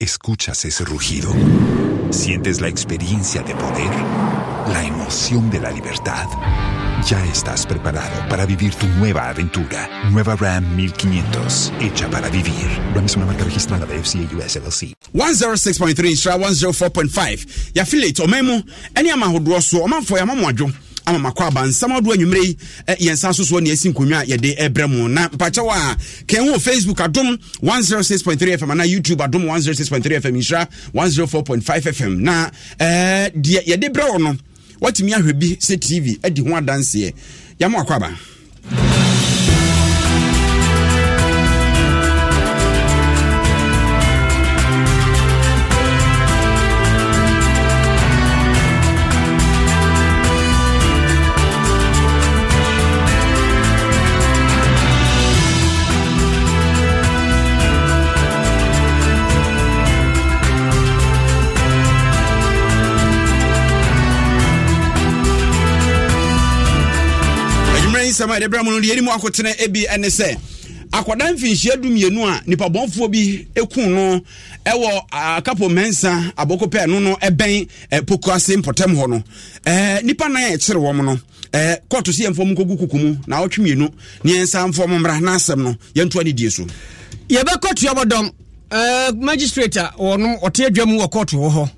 Escuchas ese rugido. Sientes la experiencia de poder, la emoción de la libertad. Ya estás preparado para vivir tu nueva aventura. Nueva Ram 1500, hecha para vivir. Ram es una marca registrada de FCA US LLC. 106.3 104.5. Ya affiliate eni ama makɔ aba nsɛm adoɔ anwummerɛ yi yɛn nsa so soɔ ne asi nkonnwa a yɛde ɛbrɛ mu na mpakyɛw a kɛn wo facebook adom 106.3 fm ana youtube adom 106.3 fm nhyira 104.5 fm na deɛ yɛde brɛ wo no watumi ahwɛ bi sɛ tv adi ho adanseɛ yɛma wakɔ aba a yɛde brɛ mu no deɛ ɛnimu akotene bi ne sɛ akwadaa mfinhyia dumienu a nipabɔnfoɔ bi ku no ɛwɔ akapo mɛnsa abɔkɔ pɛɛ no no ɛbɛn pokuase mpɔtam hɔ no ɛɛ nipa nan a ɛkyere wɔn no ɛɛ kɔɔto si yɛn fɔm nkogu kuku mu na ɔtwe mienu ne yɛn nsa nfɔm mmra n'asɛm no yɛn to anidie so. yɛbɛkɔ tuabɔdɔm ɛɛ magistrate a ɔno ɔte adwa mu wɔ kɔɔto wɔ hɔ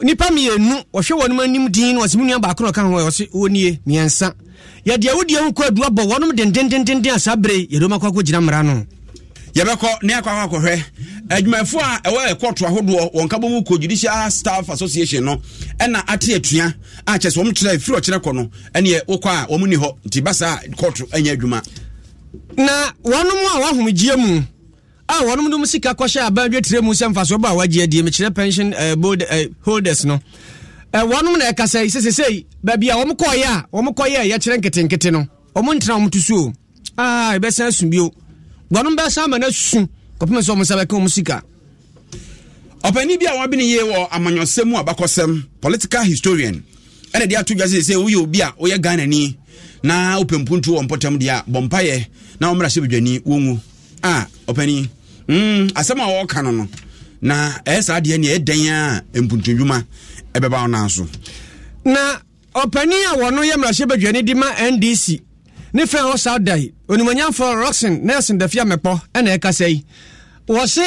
nipa mmienu wɔhwɛ wɔn anim din wɔsi mu nua baako na ɔka ho wɔsi wɔnie mmiɛnsa yɛde awudie ho kɔ adu abɔ wɔnom dendendenden asa bere yɛde wɔn akɔ gyina mmara no. yɛbɛkɔ ne akɔ akɔ akɔhwɛ a ɛwɔ ɛkɔɔto ahodoɔ wɔn kabo mu kɔ judicial no ɛna ate atua a kyɛ sɛ wɔn kyerɛ firi ɔkyerɛ kɔ no a ah, wɔnom nom sika kɔhyɛ abadwe tire mu sɛ mfasoɔ ba a wagye adie mekyerɛ pension uh, board, uh, holders no uh, wɔnom na ɛkasa yi sesesei baabi a wɔm kɔɔyɛ a wɔm kɔyɛ a yɛkyerɛ nketenkete no ɔmo ntena ɔmo to so o a ah, ɛbɛsan asu bio wɔnom bɛsan ama no asu kɔpem sɛ ɔmo nsa bɛka ɔmo sika ɔpanin bi a wabi ne yie wɔ amanyɔsɛm a bakɔsɛm political historian ɛna de ato dwa sɛ sɛ woyɛ obi a woyɛ ghanani na wopɛmpuntu wɔ mpɔtam deɛ a bɔ mpayɛ na wɔmmra sɛ badwani wɔnwu a ah, ɔpanin Mm, asɛm a wɔɔka no no na ɛyɛ saa deɛ neɛ ɛdɛn a mpuntundwuma ɛbɛba wo nan so na ɔpanin a wɔno yɛ mmarahyɛ badwani de ma ndc ne fɛ hɔ saa dae onimonyamfoɔ roxon nelson dafia mɛpɔ ɛna ɛkasa yi wɔse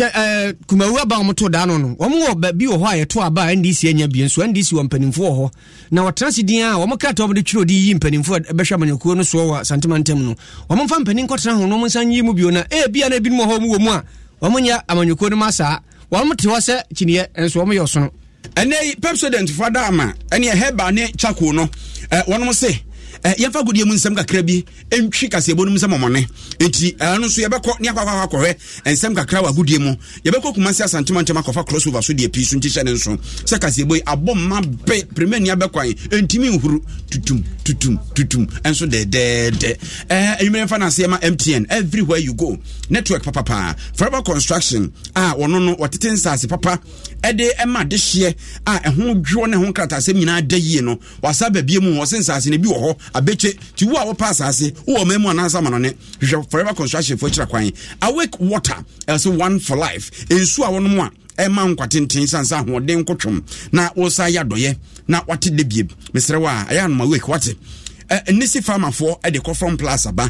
Eh, kumawu aba wɔn to daa no no wɔn wɔ baabi wɔ hɔ a yɛto aba ndc anya bie nso ndc wɔ mpanimfoɔ wɔ hɔ na wɔtena se din a wɔn krataa wɔde twerɛ de yi mpanimfoɔ bɛhwɛ amanyɔkuo no soɔ wɔ santima ntam no wɔn mfa mpanin kɔtena ho na wɔn nsan yi mu bio na ebi a na ebinom wɔ hɔ wɔn wɔ mu a wɔn nyɛ amanyɔkuo no ma saa wɔn te hɔ sɛ kyiniiɛ nso wɔn yɛ ɔsono. ɛnɛ yi pepsodent fada ama ɛnɛ hɛba ne chako no ɛɛ eh, Eh, yɛmfa agodie mu nsɛm kakra bi ɛntwi kaseɛbɔ nom sɛ mɔmɔne enti ɛno nso yɛbɛkɔ ne akɔakɔ akɔhwɛ ɛnsɛm kakra wɔ agodie mu yɛbɛkɔ kuma se asantema ntɛm akɔfa crossover so deɛ pii so nti hyɛ ne nso sɛ kaseɛbɔ yi abɔ ma be premiani abɛkwan ɛntimi nhuru tutum tutum tutum ɛnso dɛdɛɛdɛ ɛnwumere mfa no aseɛ ma mtn everywhere you go network papapaa forever construction a wɔno no wɔtete nsase papa ɛde ɛma adehyeɛ a ɛho dwoɔ ne ho nkratasɛm nyinaa da yie no wasa baabie mu wɔ se nsase no bi wɔ hɔ abɛkye nti wo a wɔpɛ asase wowɔ ma mu anaasa ma no ne hwehwɛ forever construction fo akyira kwan awake water ɛsɛ one for life nsuo a wɔnom a ɛma nkwa tenten sansa ahoɔden nkotwom na wɔsa yɛ adɔyɛ na wate da bie mesrɛ wo a ɛyɛ anoma wake wate nisi farmafoɔ de kɔ from plus aba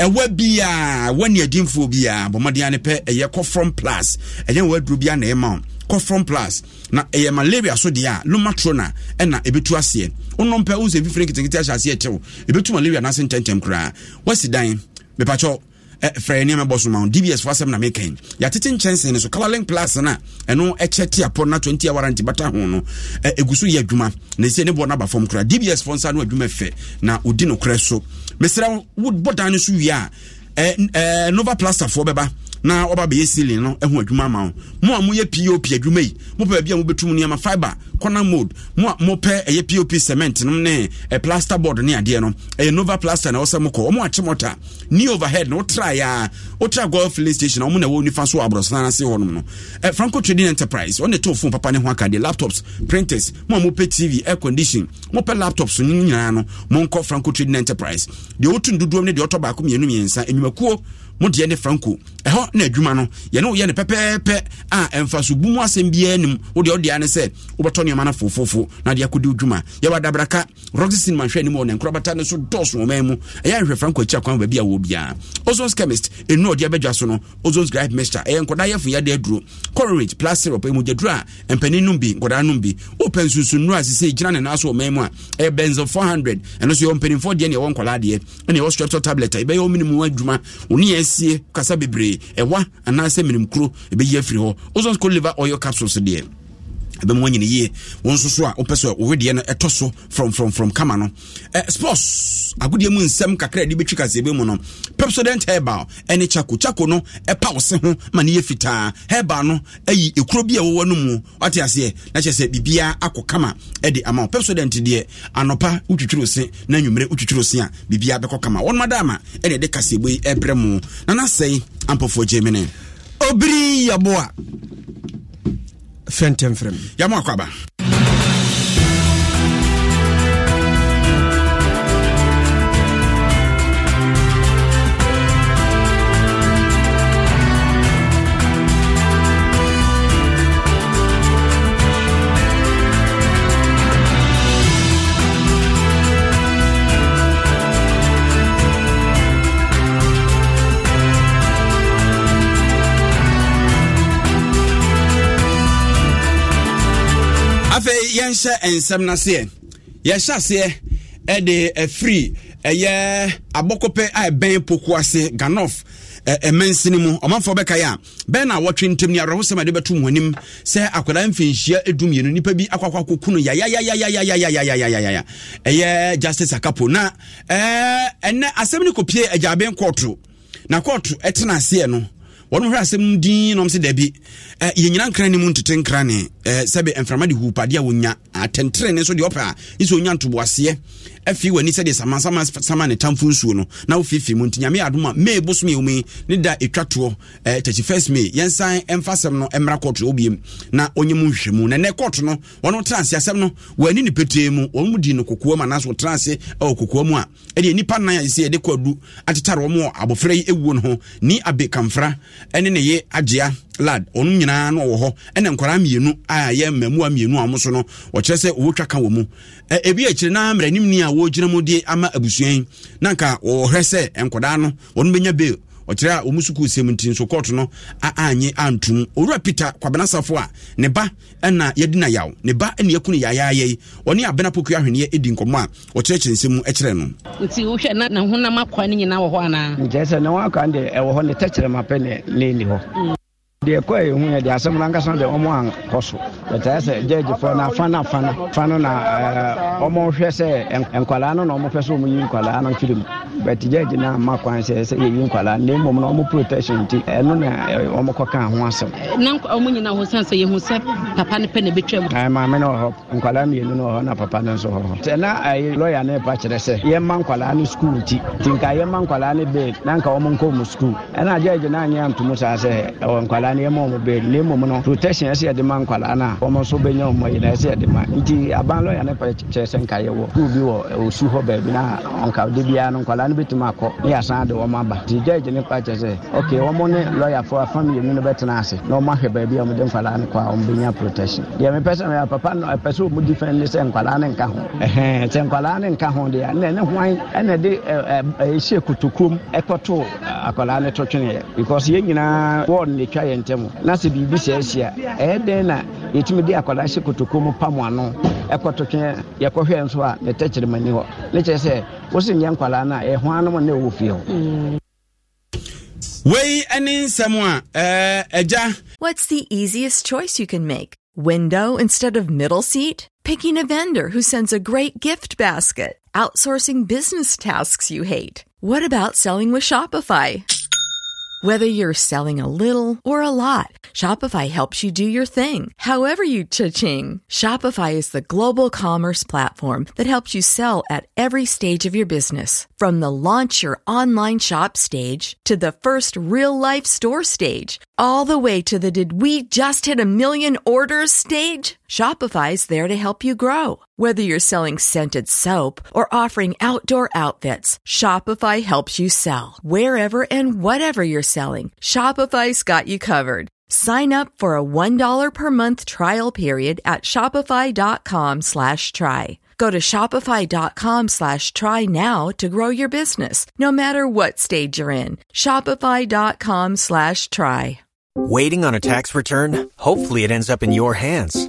ɛwa biaa wani adinfoɔ biaa bɔmmɔden ane pɛ ɛyɛ kɔ from plus ɛnyɛ waduro biaa na ɛma wo cofron plus na ɛyɛ malaria so deɛ a lomatrona ɛna ɛbɛtu aseɛ wonom pɛ wo sɛ fifiri nketenkete ahyɛ aseɛ tew ɛbɛtu malaria no ase ntɛntɛm koraa wasi dan mepakyɛw frɛ nneɛma bɔ so ma dbs fo asɛm na mekan yɛatete nkyɛnsee no so colorlink plus no a ɛno ɛkyɛ te na 20 warranty bata ho no ɛgu so yɛ adwuma na ɛsɛ ne boɔ no aba fam dbs fo nsa no adwuma fɛ na ɔdi nokorɛ so mesrɛ wo bɔ dan no so wie a nova plasterfoɔ bɛba na wɔba bɛyɛ ceiling no ho adwuma ama wo mo a moyɛ pop adwuma yi mopɛ baabi a mobɛtum nneɛma fiber corner mode mo a mopɛ ɛyɛ pop cement nom ne eh, plaster board ne adeɛ no ɛyɛ nova plaster na ɛwɔ sɛ mokɔ ɔmo akye mɔta ne overhead na wotraeɛ a wotra goil filling station a ɔmo na ɛwɔ nifa so aborɔsana ase hɔ no eh, franco trading enterprise ɔne to phone papa ne ho aka laptops printers mo a mopɛ tv air condition mopɛ laptops nyinaa no monkɔ franco trading enterprise deɛ wotu ndodoɔ ne deɛ ɔtɔ baako mmienu mmiɛnsa nnwumakuo mo deɛ ne franco ɛhɔ na adwuma no yɛne woyɛ no pɛpɛɛpɛ a ɛmfa so bu mu asɛm biara nim wodeɛ wodea ne sɛ wobɛtɔ nneɔma no fofoofo na de akɔdi dwuma yɛwɔ adabraka roxysin manhwɛ anim wɔ ne nkorabata no so dɔɔso ɔman mu ɛyɛ nhwɛ franco akyi akwan baabi a wɔ biara ozons chemist ɛnu ɔde abɛdwa so no ozons gripe mixture ɛyɛ nkɔdaa yɛfo yɛde aduro corinage plus syrup ɛmugyaduro a mpanin nom bi nkɔdaa nom bi wopɛ nsunsunu a sisɛ gyina ne naa so ɔman mu a ɛyɛ benzo 400 ɛno so yɛwɔ mpanimfoɔ deɛ ne ɛwɔ nkɔlaa deɛ ɛne ɛwɔ streptor tablet a ɛbɛyɛ wo minimu adwuma wo ne yɛn asie kasa bebree ɛwa anaasɛ menimkuro ɛbɛyi afiri hɔ ozone school liver oil capsules deɛ ɛbɛma wanyini yie wo nso so a wopɛ sɛ wowedeɛ no ɛtɔ so frɔmfrɔmfrɔm kama no eh, sports agodeɛ mu nsɛm kakra de bɛtwi kaseɛbɛ mu no pepsodent herbal ɛne chako chako no ɛpa wo se ho ma no yɛ fitaa herbal no ayi ɛkuro bi a wɔwɔ no mu wate aseɛ na kyerɛ sɛ biribiaa akɔ kama ɛde ama wo pepsodent deɛ anɔpa wotwitwiri se na anwummerɛ wotwitwiri se a biribiaa bɛkɔ kama wɔnomadama ɛne ɛde kaseɛbɔ yi ɛbrɛ mo na nasɛe ampɔfoɔ gyemene obiri yɛboa fɛntɛmfrɛ m yɛma akɔ aba yɛhyɛ nsɛm n'aseɛ yɛhyɛ aseɛ ɛde ɛfiri ɛyɛ abɔkɔpɛ a ɛbɛn poko ase ganof ɛmɛnsini mu ɔmanfoɔ bɛka yɛ a bɛn na wɔtwe ntɛm ni awerɛhosɛm a ɛde bɛto mu anim sɛ akwadaa mfinhyia edu mmienu nipa bi akɔkɔ akɔku no yayayayayayayayayayaya ɛyɛ justice akapo na ɛɛ ɛnɛ asɛm ne kopie agyaben kɔɔto na kɔɔto ɛtena aseɛ no wɔn hwɛ asɛm din nom sɛ dabi eh, yɛnyina nkra ne mu ntete nkra eh, ah, ne sɛbe mframa de hu padeɛ a wɔnya atɛntere ne nso deɛ ɔpɛ a ne sɛ ɔnya ntoboaseɛ afii w'ani sɛdeɛ samansama ne tamfo nsuo no na wofiifii mu nti nyame yɛ adom a may bosom yɛ mu yi ne da ɛtwa toɔ eh, tachi first may yɛnsan ɛmfa asɛm no mmra kɔɔto obiem na ɔnyɛ mu nhwɛ mu na nɛ kɔɔto no wɔn tena ase asɛm no wɔani ne petee mu wɔn mu di no kokoa mu anaasɛ wɔtena ɛwɔ kokoa mu a ɛdeɛ nipa nan a yɛsɛ yɛde kɔ adu atetare wɔn wɔ abɔfra yi ewuo no ho ni abe kamfra ɛne ne ye agyea lad ɔno nyinaa no wɔ hɔ ɛna nkwaraa mmienu a yɛ mmaamua mmienu a wɔn so no wɔkyerɛ sɛ wɔtwa ka wɔ mu ɛbi akyire na mmerɛnim ni a wɔgyina mu de ama abusua yi na nka wɔhwɛ sɛ nkwadaa no wɔn bɛnya bail ɔkyerɛ a ɔmu sukuu sɛm nti nso kɔɔto no aanye antom owura peter kwabena safo a ne ba ɛna yɛdi na yaw ne ba ɛna yɛku no yayaayɛ yi ɔne abena poku ahweneɛ ɛdi nkɔmmɔ a ɔkyerɛkyerɛ nsɛm ɛkyerɛ no nti wohwɛ na ne honam akoa no nyinaa wɔ hɔ anaa nkyerɛ sɛ ne ho akoa no ɛwɔ hɔ ne tɛkyerɛma pɛ ne ne ɛni hɔ mm deɛ ɛkɔɛ ɛhu yɛ deɛ asɛm no ankasa no deɛ ɔmo ankɔ so ɛtaɛ sɛ gyagyefoɔ no afa no afa no fa no na ɔmo hwɛ sɛ nkwadaa no na ɔmo pɛ sɛ ɔmo yi nkwadaa no mfiri mu but gyagye no amma kwan sɛ sɛ yɛyi nkwadaa no na mmom na ɔmo protection nti ɛno na ɔmo kɔka ho asɛm na ɔmo nyinaa ho san sɛ yɛhu sɛ papa no pɛ na ɛbɛtwa mu maame no wɔ hɔ nkwadaa mmienu no wɔ hɔ na papa no nso wɔ hɔ sɛ na lɔya no ɛpa kyerɛ sɛ yɛmma nkwadaa no skuul nti nti nka yɛmma nkwadaa no bɛɛ na nka ɔmo nkɔ mu skuul ɛna gyagye no anyɛ antom saa sɛ nkwadaa na ɛma ɔmo bɛn na ɛma ɔmo protection ɛsɛ yɛde ma nkwadaa na ɔmo nso bɛnya ɔmo yi na ɛsɛ yɛde ma nti aban lɔya ne pɛ kyerɛ sɛ nka yɛwɔ kuu bi wɔ eh, osu hɔ baabi na nka de biara no nkwadaa no bɛtumi akɔ ne yɛasan de wɔn aba nti jɛgye ne pa kyerɛ sɛ ok wɔn ne lɔyafoɔ afa mmienu no bɛtena ase na ɔmo ahwɛ baabi a de nkwadaa no kɔ a ɔmo bɛnya protection deɛ mepɛ sɛ mɛ papa no ɛpɛ sɛ ɔmo defend ne sɛ nkwadaa ne nka ho ɛhɛn sɛ nkwadaa ne nka ho deɛ ɛnna ne hwan ɛnna de ɛɛ ɛɛ ɛhyɛ because yɛn nyinaa wɔɔd ne twa ntɛm na sɛ biribi sɛ asi a ɛyɛ dɛn na yɛtumi de akwadaa hyɛ kotokuo mu pam ano ɛkɔtotwe yɛkɔhwɛ nso a metɛkyeremani hɔ ne kyerɛ sɛ wo se nyɛ nkwadaa no a ɛho anom na ɛwɔ fie hɔ wei ne nsɛm a ɛgya What's the easiest choice you can make? Window instead of middle seat? Picking a vendor who sends a great gift basket? Outsourcing business tasks you hate? What about selling with Shopify? Whether you're selling a little or a lot, Shopify helps you do your thing, however you cha-ching. Shopify is the global commerce platform that helps you sell at every stage of your business. From the launch your online shop stage to the first real life store stage, all the way to the did we just hit a million orders stage. Shopify's there to help you grow. Whether you're selling scented soap or offering outdoor outfits, Shopify helps you sell. Wherever and whatever you're selling, Shopify's got you covered. Sign up for a $1 per month trial period at shopify.com slash try. Go to shopify.com slash try now to grow your business, no matter what stage you're in. Shopify.com slash try. Waiting on a tax return? Hopefully it ends up in your hands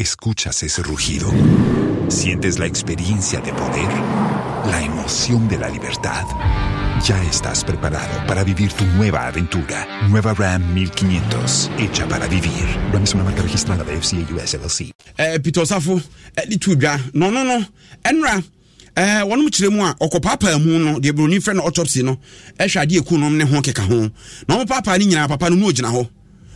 Escuchas ese rugido. Sientes la experiencia de poder, la emoción de la libertad. Ya estás preparado para vivir tu nueva aventura. Nueva Ram 1500, hecha para vivir. Ram es una marca registrada de FCA US LLC. Eh, Peter Osafo, eh, No, no, no. Enra. Eh, wɔnom kyerɛ mu a ɔkɔpaapaa mu no deɛ buroni frɛ no autopsy no ɛhwɛ no, ku que ne ho keka ho na no, no nyinaa papa no no, ho.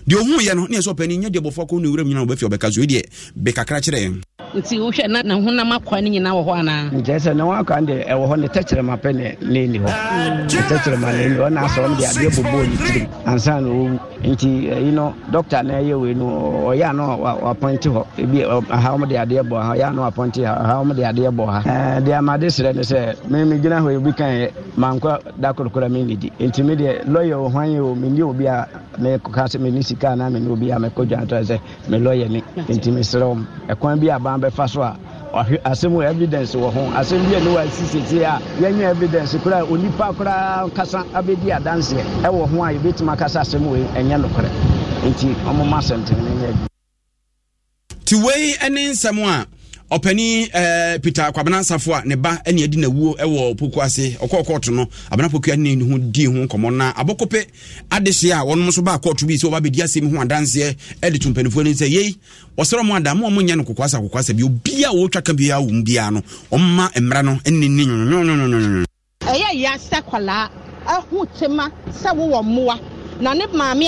deɛ ɔhu yɛ no ne yɛ sɛ ɔpani nyɛ deɛ bɔfoɔ akɔ ne wuram nyina wobɛfi ɔbɛka so ɛdeɛ bɛkakra kyerɛ nti wohwɛ na ne honam akwa no nyinaa wɔ hɔ anaa nkyɛ sɛ ne wakwa no de ɛwɔ hɔ ne tɛkyerɛma pɛ ne neni hɔ ne tɛkyerɛma neni hɔ na asɛ ɔno de adeɛ bobɔɔ ne tirim ansa na ɔwu nti ɛyi no dɔkta na ɛyɛ wei no ɔyɛ a no wapɔnte hɔ bi ha wɔm de adeɛ bɔ ha ɔyɛ a no wapɔnte ha aha wɔm de adeɛ bɔ ha eh, deɛ amade serɛ ne sɛ memegyina hɔ ebi kan yɛ mankɔ da korokora menedi nti me deɛ lɔyɛ wɔ hwan yɛ o menni obi a mekɔka sɛ menni sika anaa menni obi a mekɔdwa ntɔ sɛ me lɔyɛ ni nti meserɛ wɔm ɛkwan bi aban bɛfa so a wahwɛ asɛm wɔ evidence wɔ ho asɛm bi a ne wɔasi setie a yɛnyɛ evidence koraa onipa koraa kasa abɛdi adanseɛ ɛwɔ ho a yɛbɛtumi akasa asɛm wei ɛnyɛ nokorɛ nti ɔmoma asɛntene ne nyɛ bi nti nsɛm a ɔpani eh, peter kwabena nsafo a ne ba ne adi nawuo wɔ poku ase ɔkɔɔ kɔɔto no abena poku ne ho dii ho nkɔmmɔ na abɔkɔpɛ adehyeɛ a wɔnom nso baa kɔɔto bi sɛ wɔba bɛdi asɛm ho adanseɛ de to mpanifoɔ no sɛ yei ɔsrɛ mu ada mo a monyɛ no kokoasa kokoasa bi obia a wɔtwa ka biaa wɔ mu biaa no ɔmma mmara no ne ne nwonwonwonwonwonwon ɛyɛ yɛ sɛ kwalaa ɛho tema sɛ wowɔ mmoa na ne maame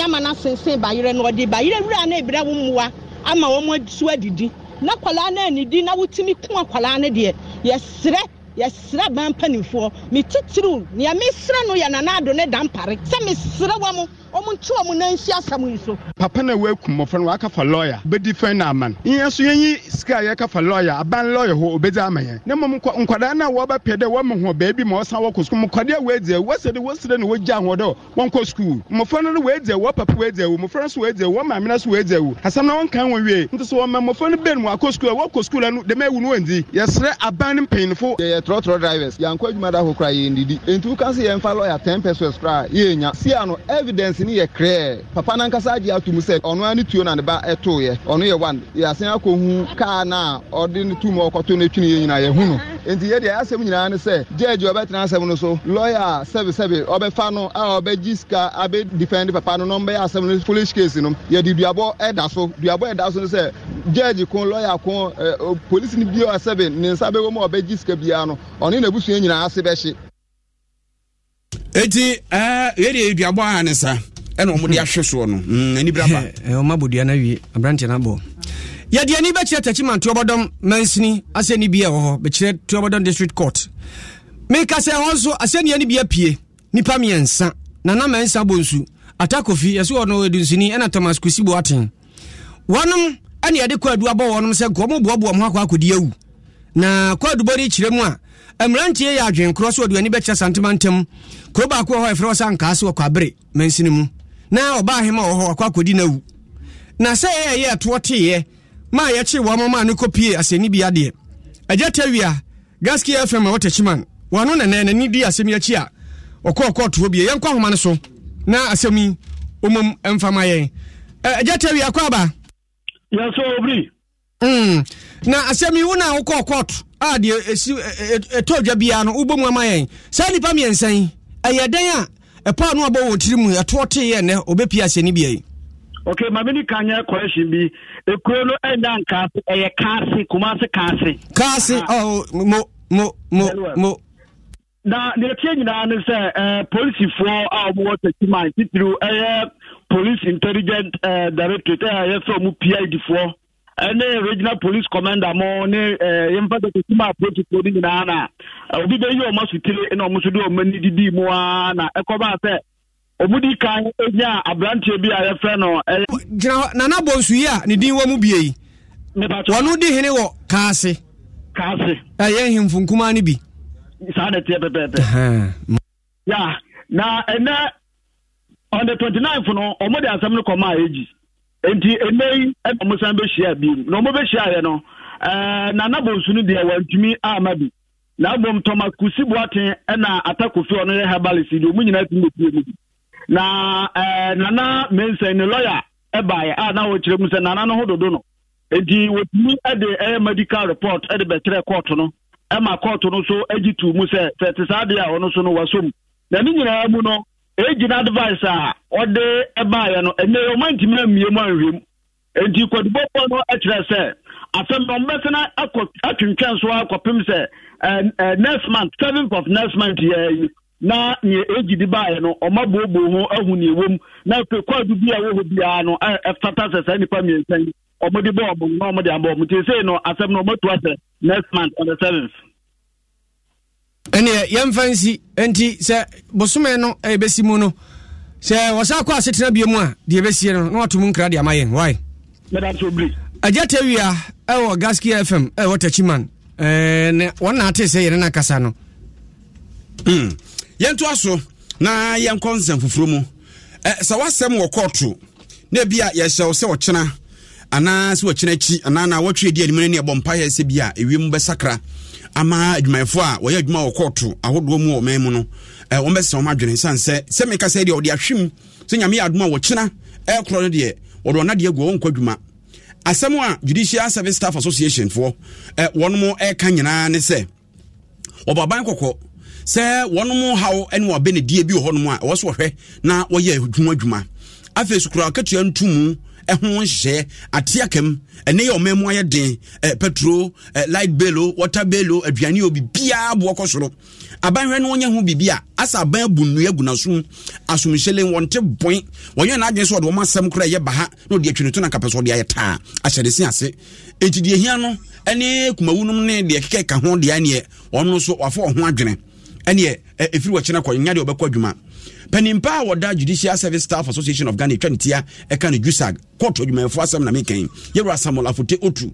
na akwadaa no anidi na wotumi ko akwadaa no deɛ yɛsrɛ yɛsrɛ ban mpanimfoɔ metitiriw nea mesrɛ no yɛ nanaado ne dampare sɛ mesrɛ wa mo wɔn ntu wɔn nan si asɛm yi so. papa na ewu ekum mmɔfra no waka fa lɔya bedi fɛn na ama no yɛn nso yɛn yi sika a yɛka fa lɔya aban lɔya hɔ obedi ama yɛn ne mɔmu nkɔ nkwadaa na wɔbɛpɛ dɛ wɔn ho beebi ma ɔsan wɔkɔ sukuu mu nkwadaa wɔadze wɔsɛ de wɔsɛ de wɔgya ahoɔ dɛ wɔn kɔ sukuu mmɔfra no wɔadze wɔ papa wɔadze wu mmɔfra so wɔadze wu wɔn maame no so wɔadze wu asɛm na wɔn kan wɔn wie nti so wɔn mɛ mmɔfra no bɛn mu akɔ sukuu a wɔkɔ sukuu la no dɛm ewu no wɔn di yɛsrɛ aban no mpanyinfo. yɛyɛ trɔtrɔ drivers yankɔ adwuma da hɔ kora yɛn didi si ano evidence no yɛ krɛɛ papa no ankasa agye ato sɛ ɔno ara ne tuo na ne ba ɛtoeɛ ɔno yɛ one yɛasen akɔhu kaa no a ɔde no tu ɔkɔto no atwini yɛ nyinaa yɛhu no enti yɛdeɛ asɛm nyinaa ne sɛ gyɛɛgye ɔbɛtena asɛm no so lɔya sɛbesɛbe ɔbɛfa no a ɔbɛgye sika abɛdifɛnde papa no na ɔmbɛyɛ asɛm no case no yɛde ɛda so duabɔ ɛda so no sɛ lɔya ko polisi no sɛbe ne nsa bɛwɔ ɔbɛgye sika biara ɛna ɔmode ahwe soɔ no mm, ani bra ba anibraba bodua no awie aberanteɛ no abɔ yɛde ani bɛkyerɛ takyima ntoɔbɔdɔm mansini asɛnni bia wɔ hɔ bɛkyerɛ toɔbɔdɔm district court meka sɛ hɔ nso ni no bia pie nipa mmiɛnsa nana mansa bɔ nsu atakofi yɛsɛ wɔ no adunsini ɛna thomas kusibo aten wɔnom ɛne yɛde kwaadu abɔ wɔnom sɛ nkɔmɔ boaboa mo akɔ akɔdi awu na kwaadubɔ no kyerɛ mu a mmeranteɛ yɛ adwenkorɔ so ɔde ani bɛkyerɛ santema ntam kuro baako wɔ hɔ ɛfrɛ wɔ sɛ ankaa se wɔkɔ abere mansini mu na ọba ahịm wɔ akwa akɔ na no awu na sɛ ɛyɛ ɛyɛ ɛtoɔ teeɛ ma yɛkye wɔ amama no kɔpie asɛni bi adeɛ agya tawia gaski fm a wɔtɛkyiman wɔno nɛnɛ n'ani di asɛm yi akyi a ọkọ ɔkɔɔkɔɔ toɔ bie ya ahoma no so na asɛm yi ɔmom mfama yɛn agya tawia kɔ aba yɛsɛ obiri mm. na asɛm iwu wo na ọkọ kɔɔt a adịghị esi eto dwa biara no wobɔ mu ama yɛn saa nnipa mmiɛnsa yi ya dɛn a ɛpaa no abɔ wɔ tiri mu ɛtoɔ teeɛ nɛ ɔbɛpie ahyɛ ne bia yi okay maame ni kan yɛ kɔrɛsi bi ekuro no ɛnya nkaase ɛyɛ kaase kumase kaase. kaase ɔɔ mo mo mo mo. na deɛ tie nyinaa ne sɛ ɛɛ polisifoɔ a wɔwɔ tɛkiman titiriw ɛyɛ police intelligent ɛɛ directorate a yɛfɛ ɔmo pid foɔ. ne regional police commander mo ne eh, yɛmfa sɛ kɔsuma apolitifoɔ no nyinaa na eh, obi bɛyi ɔma na ɔmo so de ɔma ni didii mu a na ɛkɔbaa e sɛ ɔmo di kan e nya aberanteɛ bi a yɛfrɛ no gyina e Nana yi a ne din wɔ mu bie yi ɔno di hene wɔ kaase kaase ɛyɛ eh, nkumaa no bi saa na ɛteɛ pɛpɛɛpɛ ya na ɛnɛ on the twenty ninth no ɔmo de asɛm no kɔmaa nti ɛnɛ yi ɛna ɔmo san bi mu na ɔmo bɛhyia yɛ no ɛɛ eh, nana bonsu no deɛ wɔntumi ama bi na abom tɔma kusi buaten ɛna atakofi ɔno yɛ herbalist deɛ ɔmo nyinaa ti mbɛpie mu bi na ɛɛ eh, nana mensa ne lɔya ɛbaeɛ a na wɔkyerɛ mu sɛ nana no ho dodo no nti ɛde ɛyɛ medical report ɛde kɔɔto no ɛma kɔɔto no nso agyi tu mu sɛ sɛ saa deɛ ɔno no na ne nyinaa mu no ejin advice a ọ dị ebe a ya nọ enye ya ọma ntumi amie mu anwie mu nti kwadigbo bọ no kyerɛ sɛ asɛm na akɔ atwintwɛn so akɔpem sɛ next month seventh of next month yɛ na nea egi di baayɛ no ɔma ho na ewu m bi a ɛwɔ hɔ biara no ɛfata sɛ nipa mmiɛnsa yi ɔmo de bɔ ɔmo na ɔmo ɔmo to asɛ next month on ɛneɛ yɛmfa nsi nti sɛ bosome no ɛbɛsi mu no sɛ wɔsa kɔ asetena bie mu a deɛ ɛbɛsie no na wato mu nkra de ama yɛn wae agya ta wia ɛwɔ gaskia fm ɛwɔ tachiman ne wɔnaate sɛ yɛne no kasa no hmm. yɛntoa so na yɛnkɔ nsɛm foforɔ mu sɛ woasɛm wɔ kɔɔto na a yɛhyɛ wo sɛ ɔkyena anaa sɛ wɔkyena akyi anaa na wɔtwerɛ di anim no ne ɛbɔ mpayɛ sɛ bi a ewiem bɛsakra ama adwumayɛfoɔ a wɔyɛ adwuma wɔ kɔɔto ahodoɔ mu wɔ ɔman mu no wɔbɛsɛ wɔn adwene nsan sɛ sɛ meka sɛ deɛ ɔde ahwem sɛ nyame yɛ adoma wɔkyena ɛkorɔ no deɛ wɔde ɔna deɛ agu wɔnkɔ adwuma asɛm a judicial service staff association foɔ wɔnom ɛka nyinaa ne sɛ ɔbɔ aban kɔkɔ sɛ haw ne a na wɔyɛ adwuma adwuma ɛho nhyɛ ateɛ kam ɛne yɛ ɔman mu ayɛ den ɛ petro ɛ light bill water bill o aduane o bibiara aboɔ kɔ soro abanhwɛ no wɔnyɛ ho biribi a asa aban abu nnua agu n'asom asomhyɛle wɔnte bɔn wɔnyɛ n'adwene sɛ ɔde wɔn asɛm koraa ɛyɛ baha na ɔde atwene to na kapɛ sɛ ɔde ayɛ taa ahyɛ ne se ase eti deɛ hia no ɛne kumawunom ne deɛ keka ka ho deɛ aneɛ ɔno nso wafa ɔho adwene ɛneɛ ɛfiri wɔkyena kɔ nya wɔbɛkɔ adwuma panimpa a wɔda judicial service staff association of ghana ɛtwa ne tia ɛka no jusag kɔɔto adwumayɛfoɔ asɛm na mekɛn yɛwura samuel afote otu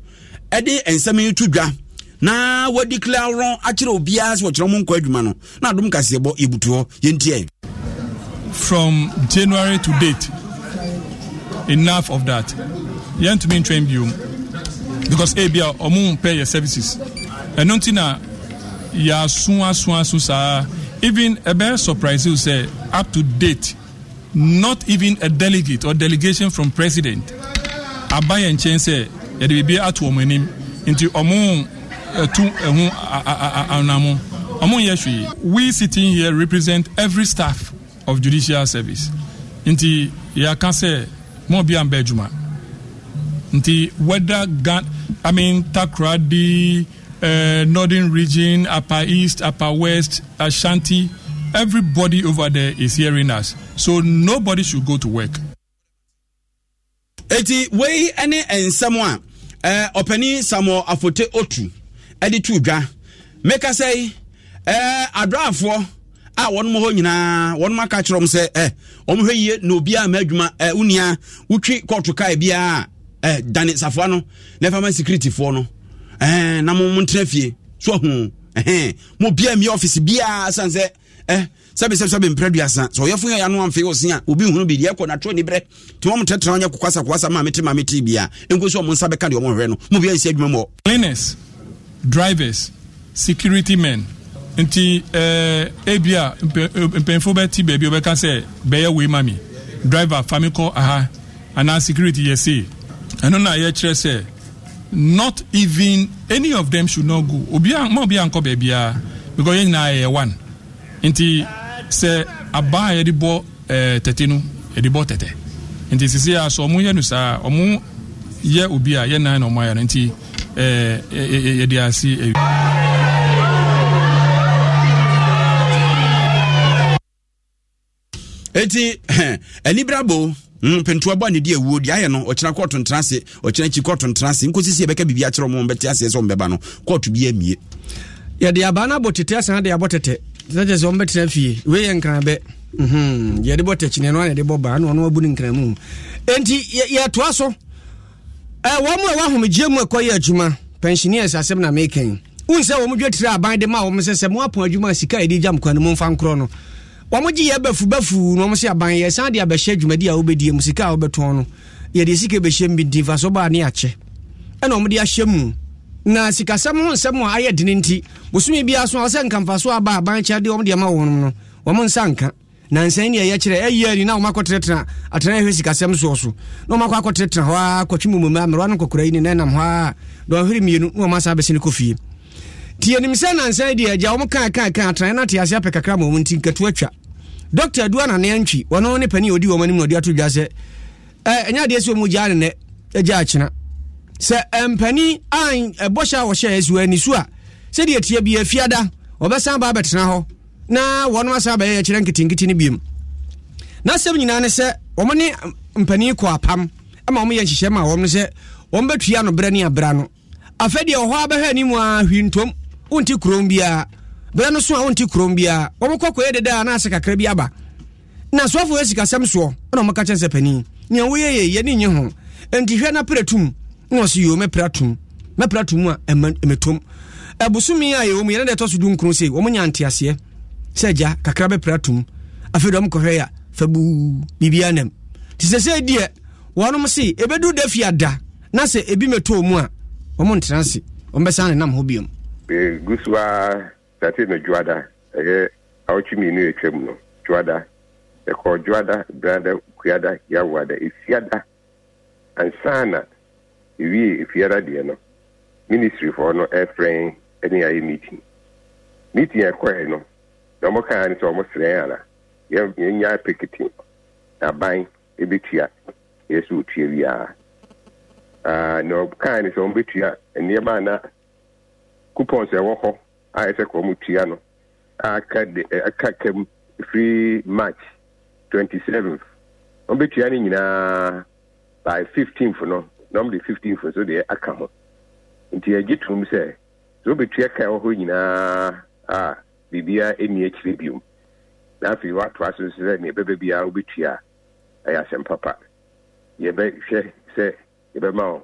ɛde nsɛm yi to dwa na wadi kla wrɔ akyerɛ obiaa sɛ wɔkyerɛ mu nkɔ adwuma no na adom kaseɛbɔ yɛbutu hɔ yɛntiɛ from january to date enough of that yɛntumi ntwɛn biom because ebia ɔmo mpɛ yɛ services ɛno nti na yɛ asoasoaso saa even ɛbɛyɛ eh, surprise you say up to date not even a delegate or delegation from president aba yɛn nkyɛn sɛ yɛde biribi ato wɔn anim nti wɔn ɛtu ɛho anamo wɔn yɛ hwee we sitting here represent every staff of judicial service nti yɛaka sɛ mo bi anbɛ adwuma nti whether gan i mean takra di uh, northern region, upper east, upper west, Ashanti. Everybody over there is hearing us. So nobody should go to work. Eti wei ɛne nsɛm a ɔpanin eh, samo afote otu ɛde tu dwa mmeka sɛ eh, adraafoɔ a wɔn hɔ nyinaa wɔn aka kyerɛ wɔn sɛ ɛ wɔn hɔ yie na obiara adwuma ɛ unia wotwi kɔɔto kai bia ɛ dani safoa no na fama sikiritifoɔ no na mo mo ntena fie so ɔho ɛhɛn mo bia mi ɔfisi biara san sɛ ɛ sɛbi sɛbi sɛbi mpere duasa sɛ ɔyɛ fun yɛ anfe o sin a obi hunu bi deɛ kɔ na turo ni brɛ tí wɔn mo tɛtɛrɛ wɔn yɛ kukwasa kukwasa maame ti maame ti bia nkosi wɔn nsa bɛka deɛ wɔn hwɛ no mo bia nsi adwuma mu cleaners drivers security men nti ɛɛ ebi a mpanyinfo e, bɛ ti beebi ɔbɛka sɛ bɛyɛ wei ma mi driver fami aha anaa security yɛ se ɛno na yɛ kyerɛ sɛ not even any of them should not go obi Mo ma obi a nkɔ because yɛn nyinaa yɛ one nti sɛ aba a yɛde bɔ ɛɛ eh, tɛte no yɛde bɔ tɛtɛ nti sisi a sɛ ɔmo yɛ no saa ɔmo yɛ obi a yɛn nan na ɔmo ayɛ no nti ɛɛ eh, yɛ eh, yɛde ase eti ɛnibirabo. Mm, mpentua bɔ a ne di awuo deɛ ayɛ no ɔkyena kɔɔto ntena ase ɔkyena akyi kɔɔto ntena ase nkosi sɛ yɛbɛka biribi akyerɛ ɔmo ɔmbɛte aseɛ sɛ ɔmbɛba no kɔɔto bi amie yɛde abaa no abɔ tete asan de abɔ tɛtɛ sɛkyɛ sɛ ɔmbɛtena fie wei yɛ nkranbɛ mhm, yɛde bɔ tɛkyinɛ no ana yɛde bɔ baa na ɔno wabu no nkramu enti yɛtoa so wɔn mu a wɔahomegye mu ɛkɔyɛ adwuma pensioneers asɛm na mekɛn wohu sɛ wɔn dwa tiri aban de ma wɔn sɛ sɛ mo apɔn adwuma sika a yɛde gya mkwan no mu mfa nkorɔ no wɔn gye yɛ bɛfu bɛfu na wɔn sɛ aban yɛ san de abɛhyɛ dwumadi a wɔbɛdie mu musika a wɔbɛtɔn no yɛde sika bɛhyɛ mu bi di nfa so baa ne akyɛ ɛna wɔn de ahyɛ mu na sikasɛm ho nsɛm a ayɛ dene nti bosome bi aso a wɔsɛ nkamfa so aba aban kyɛ de wɔn de ama wɔn no wɔn nsa nka na nsɛn ne ɛyɛ kyerɛ ɛyɛ ni na wɔn akɔtenatena atena ɛhwɛ sikasɛm soɔ so na wɔn akɔ akɔtenatena hɔ a kɔtwe mu mɔmɔ amerɛ no kɔkɔrɔ yi ne na ɛnam hɔ a dɔnhwere mmienu na wɔn asa abɛsi ne kɔ fie tie nim sɛ nansan deɛ agya wɔn kaa kaa kaa atena ɛna te ase apɛ kakra ma wɔn ti nkatuo atwa doctor adua na nea ntwi ɔno ne pani odi wɔn eh, eh, anim ah, eh, na ɔde ato dwa sɛ ɛnyɛ adeɛ si wɔn mu gyaa ne nɛ ɛgya akyina sɛ mpani an ɛbɔhyɛ a wɔhyɛ ɛsi wɔn so a sɛdeɛ tie bi afiada ɔbɛsan ba abɛtena hɔ na wɔn asan abɛyɛ ɛkyerɛ nketenkete no biem na sɛm nyinaa ne sɛ wɔn ne mpani kɔ apam ama wɔn yɛ nhyehyɛ ma wɔn sɛ wɔn bɛtua no berɛ ne abera no afɛdeɛ ɔhɔ abɛhwɛ anim a hwintom wonte kurom biara berɛ no so a wonte kurom biaa wɔmokɔ kɔyɛ dedaa na ase kakra bi aba na soafo yɛ sikasɛm soɔ ɛna ɔmaka kyɛ sɛ pani nea woyɛyɛ yɛne nye ho enti hwɛ na perɛ tom na ɔse yo mɛpra tom mɛpra tom a ɛmɛtom ɛbosome a yɛwɔ mu yɛne deɛ ɛtɔ so du nkro sei wɔmonya nteaseɛ sɛ agya kakra bɛpra tom afei dɔm kɔhwɛ a fa buu biribia nam nti sɛ sɛ deɛ wɔnom se ɛbɛdu da ada na sɛ ebi mɛtɔɔ mu a wɔmo ntena ase wɔmbɛsan ne nam hɔ biom gu so dati no juada ɛyɛ awɔtwe mmienu atwa mu no juada yɛkɔɔ juada brada kuada yawada efiada ansa na ewie efiada deɛ no ministry foɔ no ɛfrɛn ɛne ayɛ meeting meeting ɛkɔɛ no na wɔn kaa no sɛ wɔn srɛn ara yɛnya pikiti aban ebetua yɛsɛ otua wiaa aa na wɔn kaa no sɛ wɔn betua nneɛma na coupons ɛwɔ hɔ. a ɛsɛ kɔ mu tua no aka de aka kam firi march 27 ɔbɛtua no nyinaa by 15th no na de 15th nso deɛ aka ho nti agye tom sɛ sɛ wobɛtua ka wɔ nyinaa a ɛni biom na afei woatoa so sɛ nea ɛbɛba biara wobɛtua a ɛyɛ asɛm papa yɛbɛhwɛ sɛ yɛbɛma wo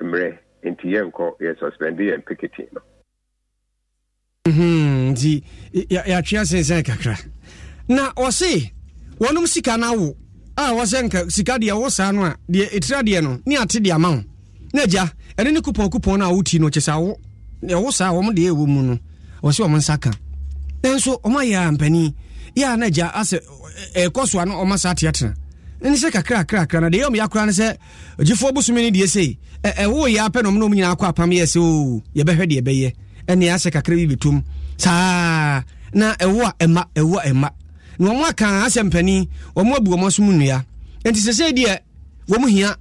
mmerɛ nti nkọ yɛ suspend yɛn piketing no Hmm, nti yɛatwea sensɛn kakra na ɔse wɔnom sika no awo a wɔsɛ nka sika deɛ wo no a deɛ ɛtira no ne ate deɛ ama wo na agya ɛno ne kupɔn kupɔn no a woti no kyɛ sɛ ɛwo saa ka nanso ɔma yɛ a mpani yɛ a na gya asɛ ɛkɔ no ɔma saa teatena ne sɛ kakrakrakra deɛ no sɛ bosome no deɛ sei na ɛne ahyɛ kakra bi bɛtom saa na ɛwo a ɛma ɛwo a ɛma na wɔn aka ahyɛ mpanin wɔn abu wɔn so mu nnua nti sɛsɛ deɛ wɔn hia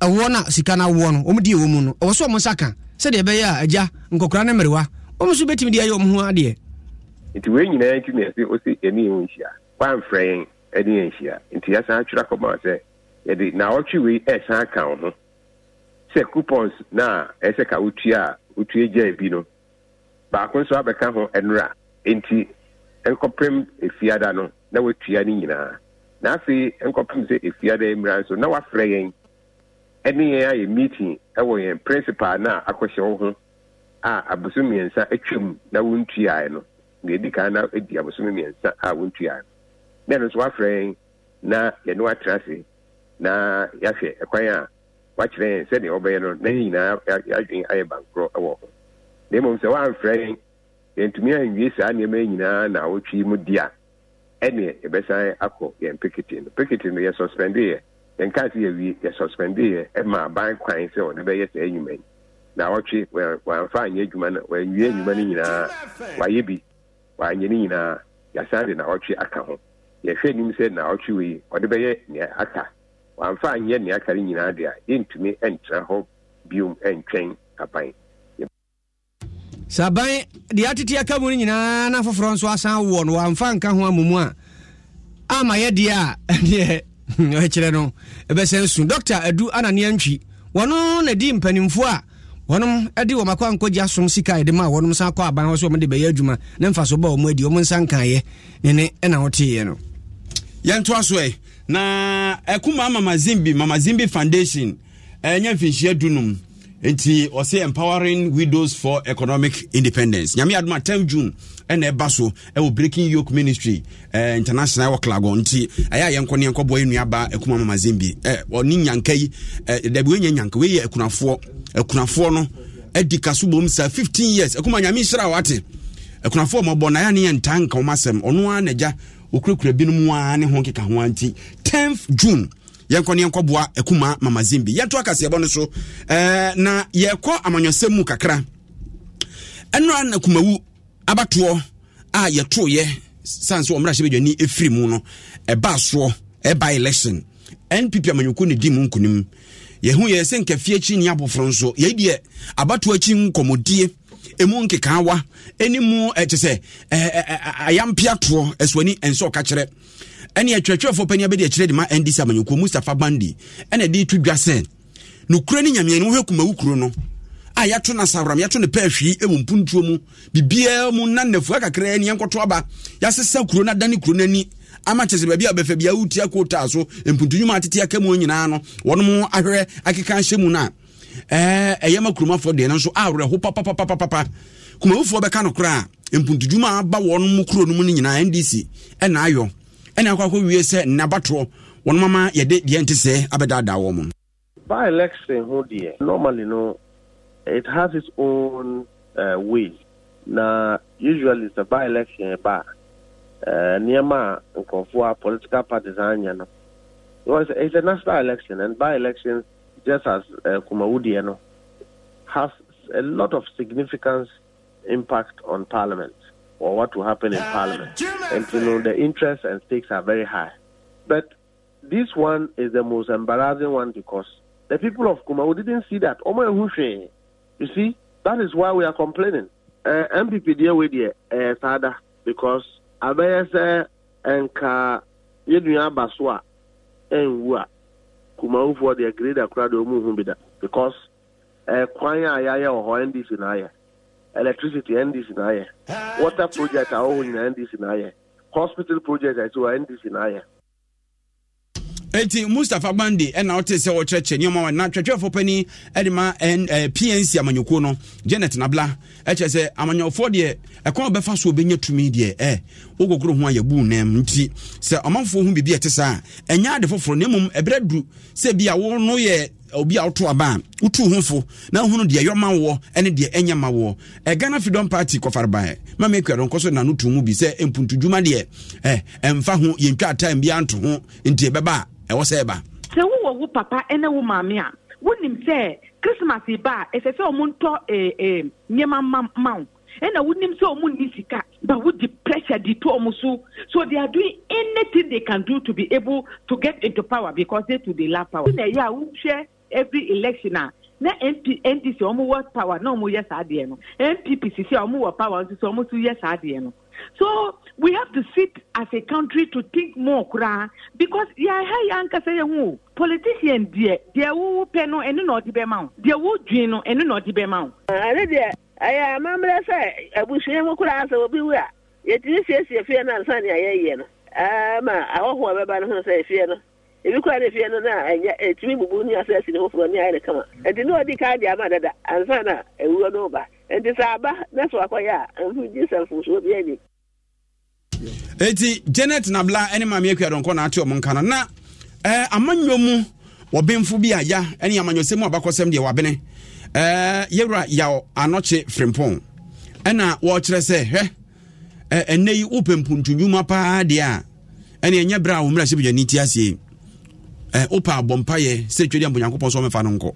ɛwoɔ no a sika no awoɔ no wɔn deɛ wɔn mu no ɛwɔ so wɔn nsa ka sɛdeɛ ɛbɛyɛ a agya nkɔkora ne mmerewa wɔn nso bɛtumi de ayɛ wɔn ho adeɛ. nti wɔn nyinaa ti na ɛsɛ ɔsi ɛni yɛn nhyia wɔamfrɛ yɛn ɛni yɛn nhyia nti yɛsan atwerɛ akɔma sɛ yɛde na ɔtwe wei ɛsan ka wɔn ho sɛ coupons na ɛsɛ ka wotua a wotua gya bi no baako nso abɛka ho nnura nti nkɔpem efiada no na watua ne nyinaa na afei nkɔpem sɛ efiada mmira nso na wafrɛ yɛn ɛne yɛn ayɛ meeting ɛwɔ yɛn principal na akɔhyɛ ho a abosom mmiɛnsa atwam na wontuaeɛ no na edi kan na edi abosom mmiɛnsa a wontuaeɛ no na ɛno nso wafrɛ yɛn na yɛne watena ase na yɛahwɛ kwan a wakyerɛ yɛn sɛdeɛ wɔbɛyɛ no na yɛn nyinaa yɛadwen ayɛ bankorɔ ɛwɔ ho na mmom sɛ woamfrɛ yɛn yɛntumi anwie saa nneɛma nyinaa na awotwe mu di a ɛneɛ yɛbɛsan akɔ yɛn pikiti no pikiti no yɛ suspendeyɛ yɛnka sɛ yɛwie yɛ suspendeyɛ ɛma aban kwan sɛ wɔde bɛyɛ saa nnwuma yi na awɔtwe wɔamfa anyɛ adwuma no wɔanwie adwuma no nyinaa wɔayɛ bi wɔanyɛ no nyinaa yɛasan de nawɔtwe aka ho yɛhwɛ anim sɛ nawɔtwe wei ɔde bɛyɛ nea aka wɔamfa anyɛ nea aka no nyinaa de a yɛntumi ɛntena hɔ biom ɛntwɛn aban sɛ aban deɛ atete aka mu no nyinaa na afoforɔ nso asan woɔ no wamfa nka ho amomu a ama yɛ deɛ a ɛdeɛ ɛkyerɛ no ɛbɛsɛn su dɔkta adu ananeɛ ntwi wɔno na di mpanimfoɔ a wɔnom de wɔn akɔ ankɔgye asom sika yɛde ma wɔnom san kɔ aban hɔ sɛ wɔde bɛyɛ adwuma ne mfa ba wɔn adi wɔn nsa nkaeɛ ne ne ɛna wɔteeɛ no yɛntoa so ɛ na ɛkuma mamazimbi mamazimbi foundation ɛnyɛ mfinhyia dunum nti ɔsɛ empowering widows for economic independence nyame adoma 10 june ɛna ɛba so ɛwɔ breaking yoke ministry eh, international ɛwɔ klagon nti ɛyɛ a yɛnkɔ ne yɛnkɔbɔ yɛ nuaba akuma mama zembi eh, ɔne nyanka yi eh, dabi wonya nyanka woyɛ akunafoɔ akunafoɔ no adi ka so bom sa 15 years akuma nyame hyira a wate akunafoɔ mɔbɔ na yɛ ne yɛ ntaa nka wɔm asɛm ɔno ara na agya ɔkurakura binom a ne ho keka ho a nti 10th june yɛnkɔ ne yɛnkɔboa akuma mamazimbi yɛto akaseɛbɔ no so eh, na yɛkɔ amanwasɛm mu kakra ɛnora na kumawu abatoɔ a yɛtoyɛ sane sɛ ɔmmra hyɛ bɛdwani ɛfiri mu no ɛbaa soɔ ɛba election npp amanyɔkuo ne di mu nkonim yɛhu yɛ sɛ nkafie akyi ne aboforo nso yɛi deɛ abatoɔ akyi nkɔmmɔdie ɛmu nkekaawa ɛne mu ɛkyɛ eh, sɛ eh, eh, ayampeatoɔ ɛsoani ɛnsɛ ɔka kyerɛ ɛne atwerɛtwerɛfoɔ pani bɛde akyerɛ de ma ndc amanyɔkuo mustapha bandi ɛna de to dwa sɛ nokura ne nyameani wohwɛ kumawu kuro no a yɛato no asaworam yɛato no pɛ ahwii ɛwɔ mpuntuo mu bibiaa mu na nnafua kakraa ni yɛnkɔto aba yɛasesa kuro no adane kuro no ani ama kyɛ sɛ baabi a bɛfa bia wotia kotaa so mpuntunwuma atete aka mu nyinaa no wɔnom ahwerɛ akeka hyɛ mu no a ɛyɛ ma kuromafoɔ deɛ no nso awerɛho papapapapapa kumawufoɔ bɛka no koraa mpuntudwuma aba wɔnom kuro no mu no nyinaa ndc ɛna ayɔ ɛne akɔ akɔ wie sɛ nnabatoɔ wɔn mama yɛde deɛ nte sɛ abɛdaadaa wɔn mu. by election ho deɛ normally no it has its own uh, eh, way na usually sɛ by election ba uh, nneɛma a nkurɔfoɔ a political parties anya no because it's a national election and by election just as uh, eh, kumawu deɛ no has a lot of significance impact on parliament. or what will happen in uh, Parliament. And you know, the interests and stakes are very high. But this one is the most embarrassing one because the people of Kumau didn't see that. You see, that is why we are complaining. Uh, MPP deal with the uh, father because Abeyese and Ka Yedunya Baswa and Wua Kumau for their greater crowd because uh, Kwanya Ayaya or Hoendis in Ayaya. electricity ndc na ayɛ water project a wɔwɔ nyinaa ndc na hospital project a ɛsɛ wɔ ndc na eti mustapha bande ɛna ɔte sɛ ɔkyerɛkyerɛ nneɛma wa na twɛtwɛfo pani ɛde ma pnc amanyɔkuo no janet nabla ɛkyerɛ sɛ amanyɔfoɔ deɛ ɛkɔn bɛfa so obɛnya tumi deɛ ɛ wogogoro ho ayɛ buu nam nti sɛ ɔmanfoɔ ho biribi ɛte saa ɛnyɛ ade foforɔ na mmom ɛberɛ duru sɛ bi wo no yɛ obi a woto aba a wotu ho fo na wohunu deɛ yɔma wɔ ne deɛ ɛnyɛ ma wɔ ɛghana freedom party kɔfare baɛ ma mekuado nkɔ so na no to mu bi sɛ mpuntudwuma deɛ ɛmfa ho yɛntwa atam biaa nto ho nti ɛbɛba ɛwɔ sɛ ɛba sɛ wowɔ wo papa ɛne wo maame a wonim sɛ christmas ba a ɛsɛ sɛ ɔmo ntɔ nneɛma ma ma wo ɛna wonim sɛ ɔmo nni sika but with the pressure di to on so so they are doing anything they can do to be able to get into power because they too they lack power every election a na MP, ndc wɔn wɔ power na wɔn yɛ saa adeɛ no npp sisi a wɔn wɔ power nso so wɔn nso yɛ saa adeɛ no so we have to sit as a country to think more koraa because yɛn ha yɛn ankasa yɛn ho politician deɛ deɛ wɔwɔ pɛ no ɛno na ɔde bɛma wo deɛ wɔdwin no ɛno na ɔde bɛma wo. ɛne deɛ ɛyɛ amammerɛ sɛ abusua mu koraa sɛ obi wu a yɛtumi siesie fie no ansa nea yɛyɛ no ama ahɔhoɔ bɛba no ho sɛ fie no ebi kura ne fie no na ɛnyɛ etumi bubu ni asɛ si ne foforɔ ni ayɛ ne kama ɛdi ne ɔdi kaa di ama dada ansa na ewuro no ba ɛdi sɛ aba na so akɔyɛ a nfu gyi sɛ nfunsuo bi ɛni. eti janet nabla ɛne maame akua dɔnkɔ na ate ɔmo nka na ɛɛ amanyɔ mu wɔbɛnfo bi aya ɛne amanyɔsɛm abakɔsɛm deɛ wabene ɛɛ yɛwura yaw anɔkye frimpɔn ɛna wɔkyerɛ sɛ hwɛ ɛɛ ɛnɛ yi wopɛ mpuntunwuma paa deɛ a ɛne ɛnyɛ berɛ wopɛ eh, abɔ mpayɛ sɛ twadi ampa onyankopɔn sɛ ɔmɛfa no nkɔ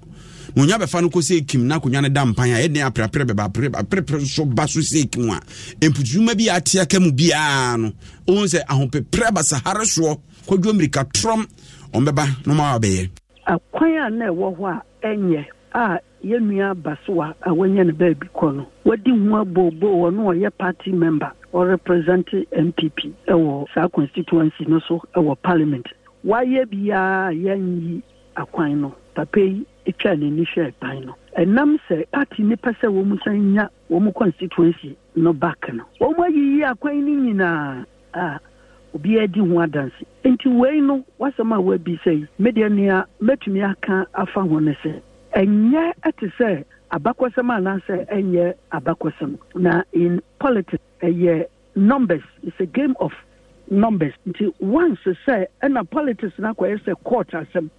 na onya bɛfa no kɔ sɛ kim na akonnwa no da mpan a ɛden apraprɛ bɛbaaprɛprɛ so ba so sɛ kim a ɛmputuma bi ateɛ ka mu biaa no wohu sɛ ahopeprɛ basahare soɔ kɔdwo mmirika trɔm ɔmbɛba na ɔma wabɛyɛ akwan a na ɛwɔ hɔ a ɛnyɛ a yɛnnua aba a a no baabi kɔ no wadi ho abooboo ɔno ɔyɛ party member ɔrepresente mpp ɛwɔ saa constituency no so ɛwɔ parliament wayɛ biara yɛnyi akwan no papa yi atwa n'ani hwɛ ban no ɛnam sɛ party no pɛ sɛ wɔn san nya wɔn constituency no back no wɔn ayiyi akwan no nyinaa a obiara di ho adanse nti wei no wasɛm a wabisa yi medeɛ nea mɛtumi aka afa ho no sɛ ɛnyɛ ɛte sɛ abakɔsɛm anaasɛ ɛnyɛ abakɔsɛm na in politics ɛyɛ numbers it's a game of numbers nti once sɛ ɛna politics no akɔyɛ sɛ court asɛm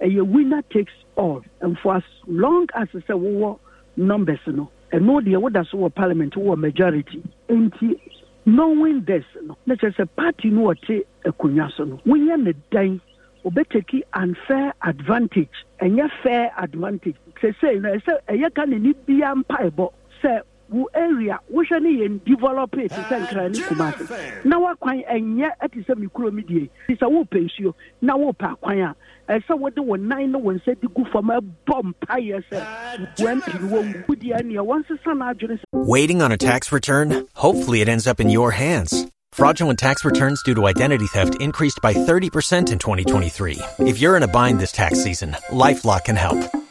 ɛyɛ winner takes all and for as long as sɛ wowɔ numbers no ɛno deɛ woda so wɔ parliament wowɔ majority nti knowing this no na kyerɛ sɛ party no wɔte akonnwa so no wonyɛ ne dan obɛtaki unfair advantage ɛnyɛ fair advantage sɛsei no ɛsɛ ɛyɛ ka ne ni bia mpaebɔ sɛ wo area wohwɛ ne yɛn develop it sɛ nkra ah, ne kumase na woakwan ɛnyɛ eh, ɛte eh, sɛ me kuro me die nti sɛ wopɛ nsuo na wopɛ akwan a ɛsɛ wode wo nan ne wo nsa de gu fam ɛbɔ mpayɛ sɛ wampiri wɔ wudi aneɛ wɔnsesa no adwene sɛ waiting on a tax return hopefully it ends up in your hands Fraudulent tax returns due to identity theft increased by 30% in 2023. If you're in a bind this tax season, LifeLock can help.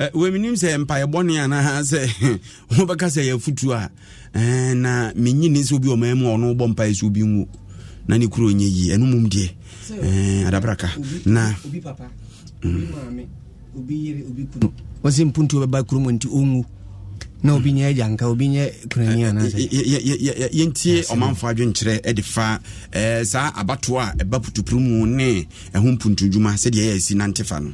Eh, wɔmenim sɛ mpaeɛbɔne anaa sɛ wobɛka sɛ yɛafotu a eh, na menyini sɛ obi ɔmaa mu a ɔno wobɔ mpaeɛ sɛ obi nwo na ne kuro nyɛ yi ɛno mom deɛ eh, adabraka na mm. wɔsɛ mpuntuo bɛba kurom nti ɔnwu na obi nyɛ agyanka obi nyɛ kunani anaasɛ yɛntie ɔmanfo adwenkyerɛ de fa saa abatoɔ a ɛba putupuru mu ne ɛho mpuntudwuma sɛdeɛ yɛ asi nante fa no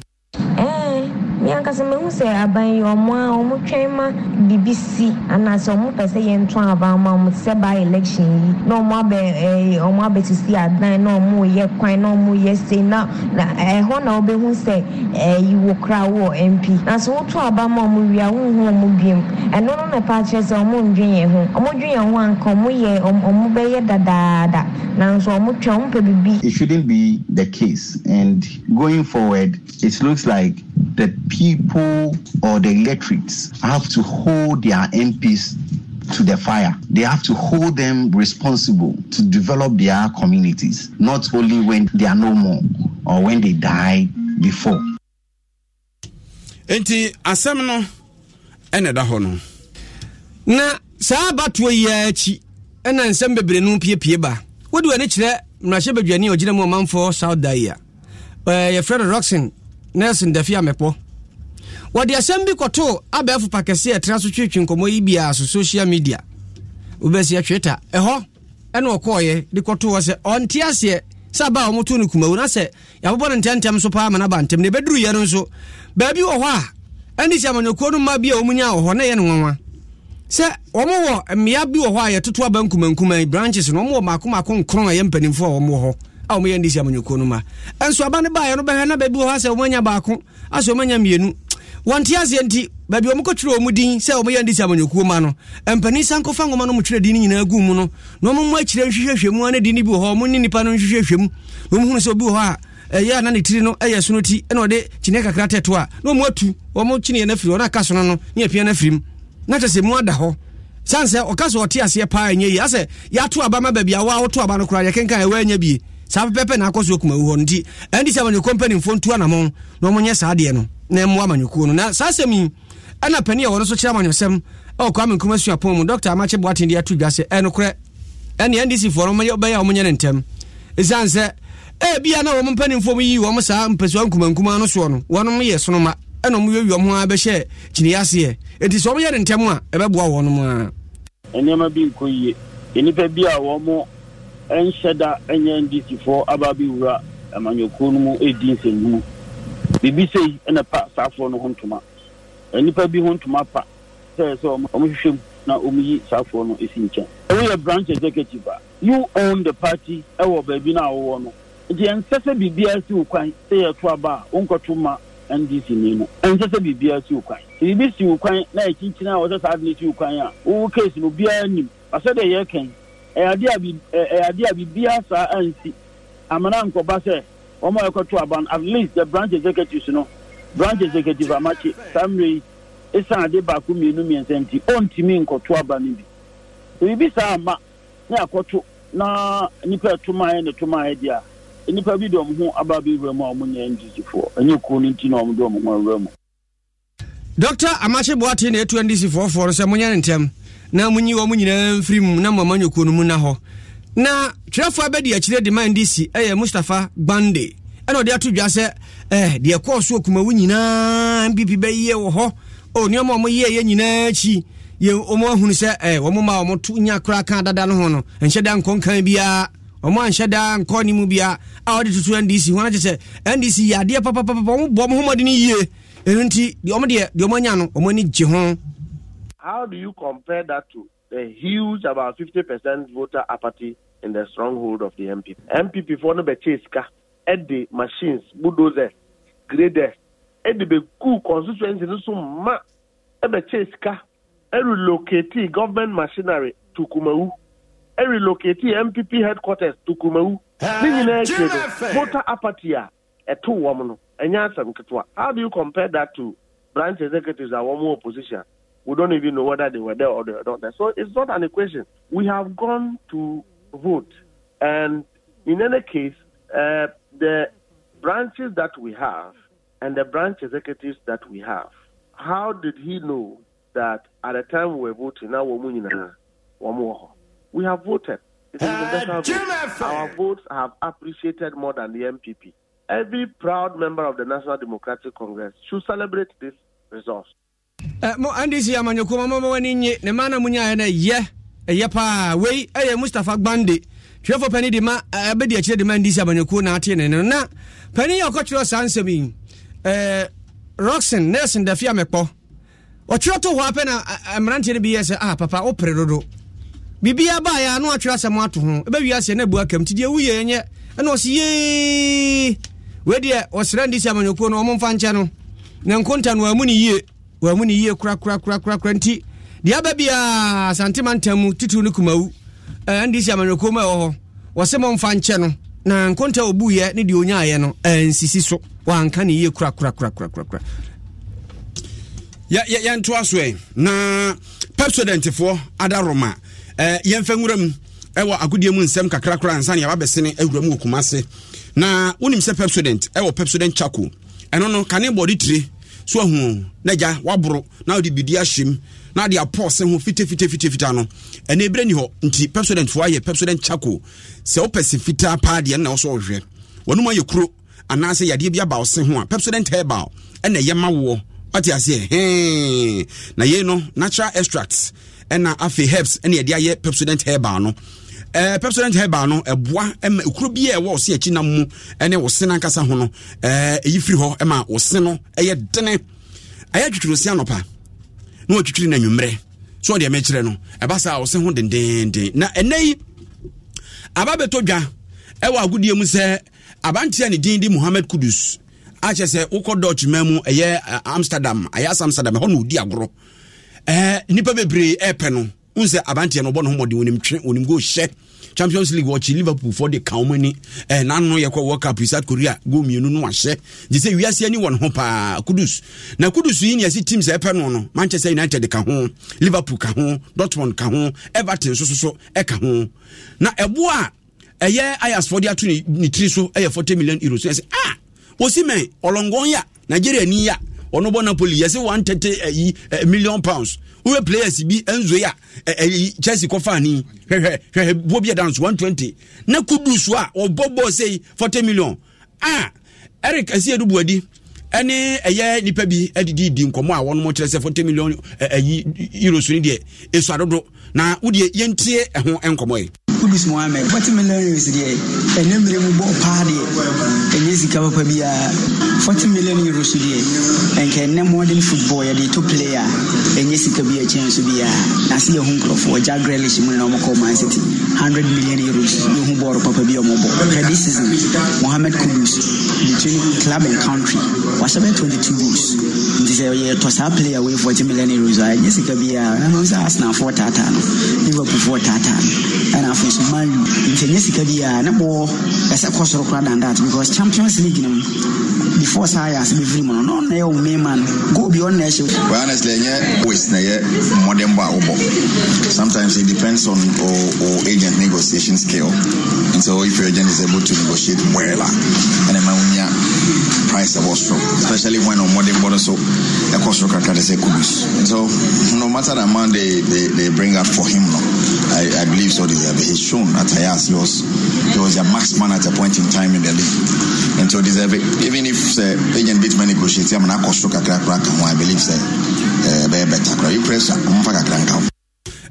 kasa mehu sɛ aban yi ɔmo a ɔmo twɛn ma biribi si anaasɛ ɔmo pɛ sɛ yɛnto aban ma ɔmo sɛ ba election yi na ɔmo abɛ ɛɛ eh, ɔmo abɛsisi adan na ɔmo yɛ kwan na ɔmo yɛ se na na ɛhɔ eh, na ɔbɛhu sɛ ɛɛ wɔ kura wɔ mp na so woto aban ma ɔmo wia huhu ɔmo biem ɛno no na ɛpa kyerɛ sɛ ɔmo ndwen yɛn ho ɔmo dwen yɛn ho anka ɔmo yɛ ɔmo bɛyɛ dadaada nanso ɔmo twɛn ɔmo pɛ biribi. it shouldn't be the case and going forward it looks like. the people or the electorates have to hold their MPs to the fire. They have to hold them responsible to develop their communities, not only when they are no more or when they die before. nti asɛm no ɛna ɛda hɔ no na saa abatoɔ yi akyi ɛna nsɛm bebree no piepie ba wode w'ani kyerɛ mmarahyɛ badwani a ɔgyina mu ɔmanfoɔ south daia yɛfrɛ no roxin nelson dafi amepɔ wɔde asɛm bi kɔtoo abɛɛfo pakɛse ɛtra so twetwe nkɔmmɔ yi biaa so social media wobɛsiɛ twitter ɛhɔ ɛna ɔkɔɔyɛ de kɔtoo hɔ sɛ ɔnte aseɛ sɛ ba a ɔmoto no kumawu na sɛ yɛabobɔ no ntɛmntɛm so paa ma no ba ntɛm na ɛbɛduruyɛ no nso baabi wɔ hɔ a ɛne sɛ amanyakuo no ma bi a ɔmunya wɔ hɔ na ɛyɛ no nwanwa sɛ wɔmowɔ mmea bi wɔ hɔ a yɛtoto aba nkumankuman branches no ɔmowɔ maakomaako nkron a ɛyɛ mpanimfoɔ a wɔmwɔ hɔ a wɔn yɛ ndc amanyɔkuo no ma nso aba no baayɛ no bɛhwɛ na baabi wɔ hɔ asɛ wɔn anya baako asɛ wɔn anya mmienu wɔn te aseɛ nti baabi wɔn kɔtwerɛ wɔn din sɛ wɔn yɛ ndc amanyɔkuo ma no mpanin san kɔfa nwoma no mu twerɛ din no nyinaa gu mu no na wɔn mu akyire nhwehwɛhwɛ mu ana din no bi wɔ hɔ wɔn ne nipa no nhwehwɛhwɛ mu na wɔn hunu sɛ obi wɔ hɔ a ɛyɛ a na ne tiri no ɛyɛ sono ti ɛna ɔde kyiniɛ kakra tɛto a na wɔn atu wɔn kyiniɛ no afiri wɔn aka sono no ne apia no afiri mu na kyerɛ sɛ mu ada hɔ san sɛ ɔka sɛ ɔte aseɛ paa ɛnyɛ yie asɛ yɛato aba baabi a wɔawoto aba koraa yɛkenkan ɛwɔ anya bie saa pɛpɛpɛ na akɔ so kuma wu hɔ nti ɛnti sɛ amanyɔkuo mpanimfoɔ ntu anamɔ na ɔmonyɛ saa deɛ no na ɛmmoa amanyɔkuo no na saa sɛm yi ɛna pani a wɔno so kyerɛ amanyɔsɛm ɛwɔ kwame nkruma suapɔn mu dr amakye boaten de ato dwa sɛ ɛnokorɛ ɛne ndc foɔ no bɛyɛ a ɔmonyɛ ne ntɛm ɛsiane sɛ ebia na wɔn mpanimfoɔ mu yi wɔn saa mpɛsua nkumankuma no soɔ no wɔn yɛ sonoma ɛna wɔn wiawia mu ara bɛhyɛ kyiniya aseɛ eti sɛ wɔn yɛ ne ntɛm a ɛbɛboa wɔn mu ara. nneɛma bi nkɔ yie nnipa bi a wɔn ɛnhyɛ da ɛnyɛ ndcfoɔ aba wura amanyɔkuo no mu ɛdi nsɛnhunu biribi sei ɛna pa saafoɔ no ho ntoma nnipa bi ho ntoma pa sɛ sɛ ɔmohwehwɛ mu na ɔmuyi saafoɔ no ɛsi nkyɛn yɛ branch executive a you own the party ɛwɔ baabi na a no nti ɛnsɛ sɛ biribiara si wo kwan sɛ yɛto aba a wonkɔto ma ndc ni mu. ɛnsɛ sɛ biribiara si wo kwan sɛ si wo kwan na ɛkyinkyini a wɔsɛ saa de no si wo kwan a wowo case no obiara nim asɛ dɛ yɛkɛn ɛyade a biribiaa e, saa ansi amana nkɔba sɛ wɔma yɛkɔto aba no at least the branch executives no branch executive amakye saa mmerɛ yi ɛsan ade baako mmienu mmiɛnsa nti ɔntumi nkɔto aba no bi biribi saa ama ne akɔto na nnipa ɛtomaeɛ ne tomaeɛ deɛ a nnipa bi de ɔmo ho aba bɛwura mu a ɔmo nyɛ ndisifoɔ ɛnyɛ kuo no nti na ɔmo de ɔmo ho awura mu dɔkta amakye boate na etu ndc foɔfoɔ no sɛ monyɛ ne ntɛm na munyi wɔn nyinaa mfiri mu na mama nyɔkuo no mu na hɔ na twerɛfoɔ abɛdi akyire de man dc ɛyɛ mustapha gbande ɛna ɔde ato dwa sɛ ɛɛ eh, deɛ kɔɔ so okumawo nyinaa mpp bɛyɛ wɔ hɔ o nneɛma a wɔyɛ yɛ nyinaa akyi yɛ wɔn ahunu sɛ ɛɛ eh, wɔn ma wɔn to nya kora kan dada no ho no nhyɛ da nkɔ nkan biara wɔn anhyɛ da nkɔ ne mu biara a wɔde tutu ndc wɔn agye sɛ ndc yɛ adeɛ papapapa wɔn bɔ wɔn ho mɔden yie ɛnu nti deɛ wɔn deɛ deɛ wɔn anya no wɔn ani gye ho How do you compare that to the huge, about 50% voter apathy in the stronghold of the MPP? MPP for no becheska, at the machines, bulldozers, graders, at the cool constituency, no so ma, relocate government machinery to Kumau, relocate MPP headquarters to Kumau. voter apathy a ɛto wɔm no ɛnyɛ how do you compare that to branch executives a one more opposition we don't even know whether they were there or they were not there. So it's not an equation. We have gone to vote. And in any case, uh, the branches that we have and the branch executives that we have, how did he know that at the time we were voting, now we're We have voted. Uh, our votes have appreciated more than the MPP. Every proud member of the National Democratic Congress should celebrate this resource. Eh, ndc amanyɔkuo ma mama w'ani nye ne ma na munyaeɛ no ɛyɛ ɛyɛ paa wei ɛyɛ mustapha gbande twerɛfo pani de ma ɛbɛdi akyirɛ de ma ndc amanyɔkuo na ate ne no na pani yɛ ɔkɔkyerɛ saa nsɛm yi eh, roxon nelson dafi amɛkpɔ ɔtwerɛ to hɔ apɛ na eh, mmeranteɛ no bi yɛ sɛ ah papa wopere dodo biribiaa baeɛ a na watwerɛ asɛm ato ho ɛbɛwie aseɛ na abu akam nti deɛ wuyɛ ɛnyɛ ɛna ɔse yee wei deɛ ɔsrɛ ndc amanyɔkuo no ɔmomfa nkyɛ no na nkonta no amu ne yie wɔamu ne yie kura nti deɛ aba biaa asantema ntam mu titiri eh, no kumawu ndc amanyɔkuo mu ɛwɔ hɔ wɔsɛ mɔmfa nkyɛ no na nkonta obu ɔbuiɛ ne deɛ ɔnyaayɛ no ɛnsisi eh, so wɔanka ne yie korakorakorakorakora yɛntoa so ɛ eh. na pepsodentfoɔ ada roma eh, yɛmfa nwura mu ɛwɔ agodie mu nsɛm kakrakora ansa ne yɛba bɛsene awura mu wɔ kuma se na wonim sɛ pepsodent ɛwɔ pepsodent chaco ɛno no kane bɔde tire so ahu eh, na gya waboro na wode bidi ahyɛm na de apɔse ho fitafitafitafita no ɛnɛ berɛ ni hɔ nti pepsodent foɔ ayɛ pepsodent chako sɛ wopɛ se fitaa paa deɛ nna wo sɛ wohwɛ wɔnom ayɛ kuro anaasɛ yadeɛ bi aba wo se ho a pepsodent herbal ɛna ɛyɛ ma woɔ wate aseɛ hee na yei no natural extracts ɛna afei herbs ɛne yɛde ayɛ pepsodent herbal no eh, pepsodent herbal no ɛboa eh, ma ekuro bi a ɛwɔ wo se akyi nam mu ne wo se ho no eyi eh, firi hɔ ma wo se no ɛyɛ dene ɛyɛ twitwiri se anɔpa na watwitwiri no anwummerɛ so ɔde ɛmɛkyerɛ no ɛba saa wo ho dendenden na ɛnɛ yi aba bɛtɔ dwa ɛwɔ agudie mu sɛ abantia ne din de mohammed kudus akyɛ sɛ wokɔ dutch ma mu ɛyɛ eh, amsterdam ayɛ asa amsterdam ɛhɔ na ɔdi agorɔ eh, nipa bebree ɛɛpɛ no wohu sɛ abanteɛ no ɔbɔ ne ho mmɔden onim twe onim go hyɛ champions league wɔkye liverpool fɔ de ka wɔn ani ɛɛ nanu yɛ kɔ world cup south korea go mmienu no ahyɛ gye sɛ wiase ani wɔn ho paa kudus na kudus yi ni yɛsi teams ɛpɛ no no manchester united ka ho liverpool ka ho dortmund ka ho everton sososo ɛka ho na ɛboa a ɛyɛ ayas fɔ de ato ne tiri so ɛyɛ forty million euros ɛsɛ ah, wɔsi mɛn ɔlɔngɔn ya nigeria ni ya ɔno bɔ napoli yɛsɛ 130 ayi eh, eh, million pounds wowɛ players bi ɛnzoe a eh, eh chelsea kɔfa ani hwɛhwɛ hwɛhwɛ buo bi ɛdan so 120 na kudu so a ɔbɔ bɔɔ sei 40 million a ah, eric ɛsi edu buadi ɛne eh, ɛyɛ nipa bi ɛdidi eh, di nkɔmɔ a wɔn mo kyerɛ sɛ 40 million ɛyi euros ni deɛ esu adodo na wodeɛ yɛntie ɛho nkɔmɔ yi. police mu amɛ forty million euros deɛ ɛnɛ mmerɛ mu bɔ paa deɛ ɛnyɛ sika papa biara forty million euros deɛ Enke ɛnɛ modern football yɛde to player ɛnyɛ sika bi akyɛn so biara na sɛ yɛho nkurɔfoɔ gya grelish mu na ɔmɔkɔ man city hundred million euros yɛhu bɔɔlo papa bi ɔmɔbɔ hwɛde season mohamed kudus between club and country was about twenty two goals nti sɛ yɛtɔ saa player wei forty million euros a ɛnyɛ sika biara ɛno sɛ arsenalfoɔ taataa no liverpoolfoɔ taataa no ɛna afei nation malu nti sika bi a ne boɔ ɛsɛ kɔ soro kora than that because champions league no before saa yɛ ase bɛfiri mu no na yɛ wo mema no goal bi ɔno na ɛhyɛ well honestly ɛnyɛ waste na ɛyɛ modern bɔ a wobɔ sometimes it depends on o o agent negotiation skill and so if your agent is able to negotiate well and then ma wo price ɛwɔ soro especially when ɔmɔden bɔ no so cost of kakra is a kubus so no matter the amount they they, they bring out for him no I, I believe so deserve he's shown at Ayas he was he was a max man at a point in time in the league and so deserve it. even if sɛ agent beat man negotiate ama na akɔ soro kakra kora ka ho I believe sɛ ɛbɛyɛ uh, better you press ɔmfa kakra nka ho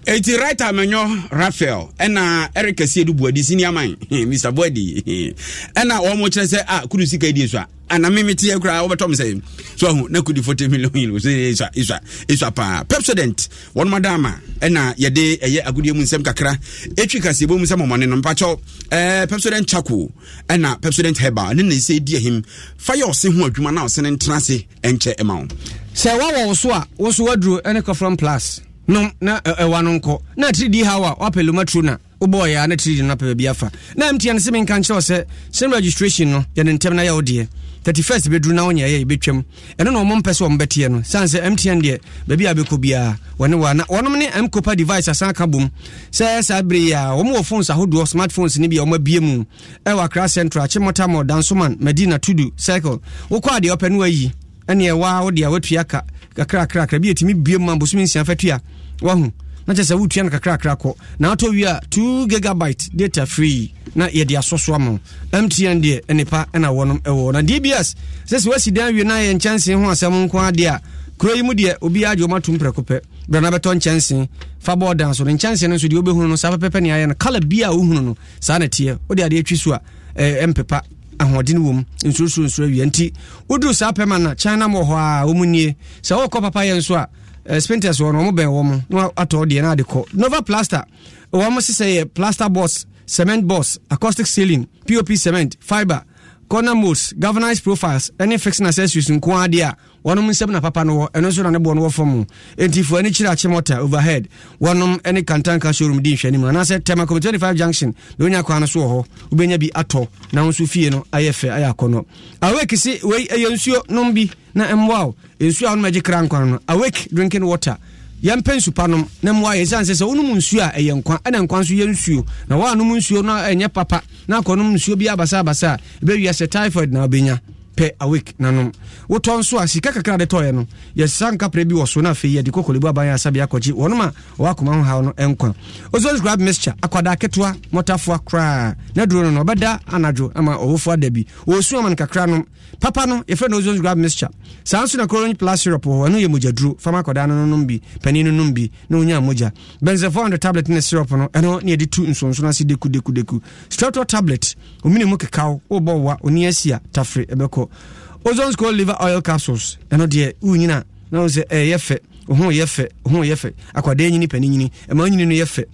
eti right amenyo rafael ɛna eric kɛseɛ du buadi sini aman mr buadi ɛna wɔn mo kyerɛ sɛ a ah, kudu sika di so a ana ah, mímí tiɛ kura wɔbɛtɔ mi sɛ so ahu na kudi forty million yìí so esua esua esua paa pepsodent wɔn mo dama ɛna yɛde ɛyɛ agudie mu nsɛm kakra etwi kase ebo mu nsɛm ɔmɔne no mpakyɛw ɛɛ eh, pepsodent chako ɛna pepsodent herbal ne na ese di ahim fa yɛ ɔse ho adwuma na ɔse ne ntena ase ɛnkyɛ ɛma wo. sɛ wɔwɔ so a wɔso ɛne kɔfrɔm plus. nom na ɛwa eh, eh, no nkɔ na tiridi di hawa wapɛ lomatro na wobɔɔyɛ a na tiridi no apɛ baabi afa na mtia no sɛ menka nkyerɛ sɛ sɛm registration no yɛne ntɛm na yɛ wo deɛ 31st bɛduru na wonyɛyɛ yɛbɛtwam ɛno na ɔmo mpɛ sɛ ɔmbɛteɛ no sane sɛ mtn deɛ baabi a bɛkɔ biaa wɔne wa na wɔnom ne mkopa device asan ka bom sɛ saa bere yi a wɔm wɔ phones ahodoɔ smartphones no bi a ɔmabie mu ɛwɔ e akra central akye mɔtamɔ dansoman madina tudu circle wokɔ a deɛ ɔpɛ no ayi ɛneɛ waa wo deɛ woatua ka kakrakrakra bi yɛtumi bie mu abosom nsia fatua wahu na kyɛ sɛ wotua no kakrakra kɔ na atɔ wie a 2 gigabyte data free na yɛde asɔ so ama mtn deɛ nnipa e ɛna wɔnom ɛwɔ e na dbs sɛ sɛ woasi dan wie na yɛ nkyɛnse ho asɛm nko adeɛ a kuro yi mu deɛ obiaa deɛ ɔmatom prɛko pɛ berɛ na bɛtɔ nkyɛnse fa dan so no nkyɛnse no nso deɛ wobɛhunu no saa pɛpɛpɛ ne ayɛ no kala bi a wohunu no saa na teɛ wode adeɛ twi so a mpepa ahoɔden wɔ mu nsuosuo nsuo awia nti woduru saa pɛma no china ma eh, wɔ hɔ a wɔmu nie sɛ wokɔ papayɛ nso a spinters wɔ no ɔmo bɛn wɔ mo na atɔ deɛ no ade kɔ nova plaster wɔ mo sesɛ yɛ plaster boss cement boss acoustic ceiling pop cement fiber corner molds galvanized profiles ɛne fixing accessories nko adeɛ a wɔnom nsɛm na papa no wɔ ɛno nso na ne boɔ no wɔ fam enti fo ani kyerɛ akyemɔta overhead wɔnom ne kantanka showroom di nhwɛ nimu anaasɛ tɛma kɔmi 25 junction na onya kwan no so wɔ hɔ wobɛnya bi atɔ na wo nso fie no ayɛ fɛ ayɛ akɔnɔ awake se wei ɛyɛ nsuo nom bi na ɛmmoa o nsuo a wonom agye kra nkwa no awake drinking water yɛmpɛ nsupa nom na mmoa yɛ sane sɛ sɛ wonom nsuo a ɛyɛ nkwa ɛna nkwa nso yɛ nsuo na woanom nsuo no ɛnyɛ papa na akɔnom nsuo bi abasa abasa a ɛbɛwia sɛ typhoid na wobɛnya pɛ awake nanom wotɔ nso a sika kakra de tɔeɛ no yɛsa nkaprɛ bi wɔ so no afei yɛde kɔkɔlebu aban asabea akɔgye wɔnom a wɔakoma ho haw no ɛnkwa ozone grab mixture akwadaa ketewa mɔtafoa koraa na duro no no ɔbɛda anadwo ama ɔwofo ada bi ɔsu ama no kakra nom papa no yɛfrɛ no ozone grab mixture saa nso na coron plus syrup wɔ ɛno yɛ mogyaduro fama akwadaa no nom bi pani no nom bi na ɔnya mogya benze 400 tablet ne syrup no ɛno ne yɛde tu nsonsono ase deku deku deku strato tablet omine mu kekaw wobɔ woa ɔne asi a tafere ɛbɛkɔ hɔ ozone score liver oil capsules ɛno deɛ wonyina na wo sɛ ɛyɛ fɛ ho yɛ fɛ ho yɛ fɛ akwadaa nyini pani nyini ɛma nyini no yɛ fɛ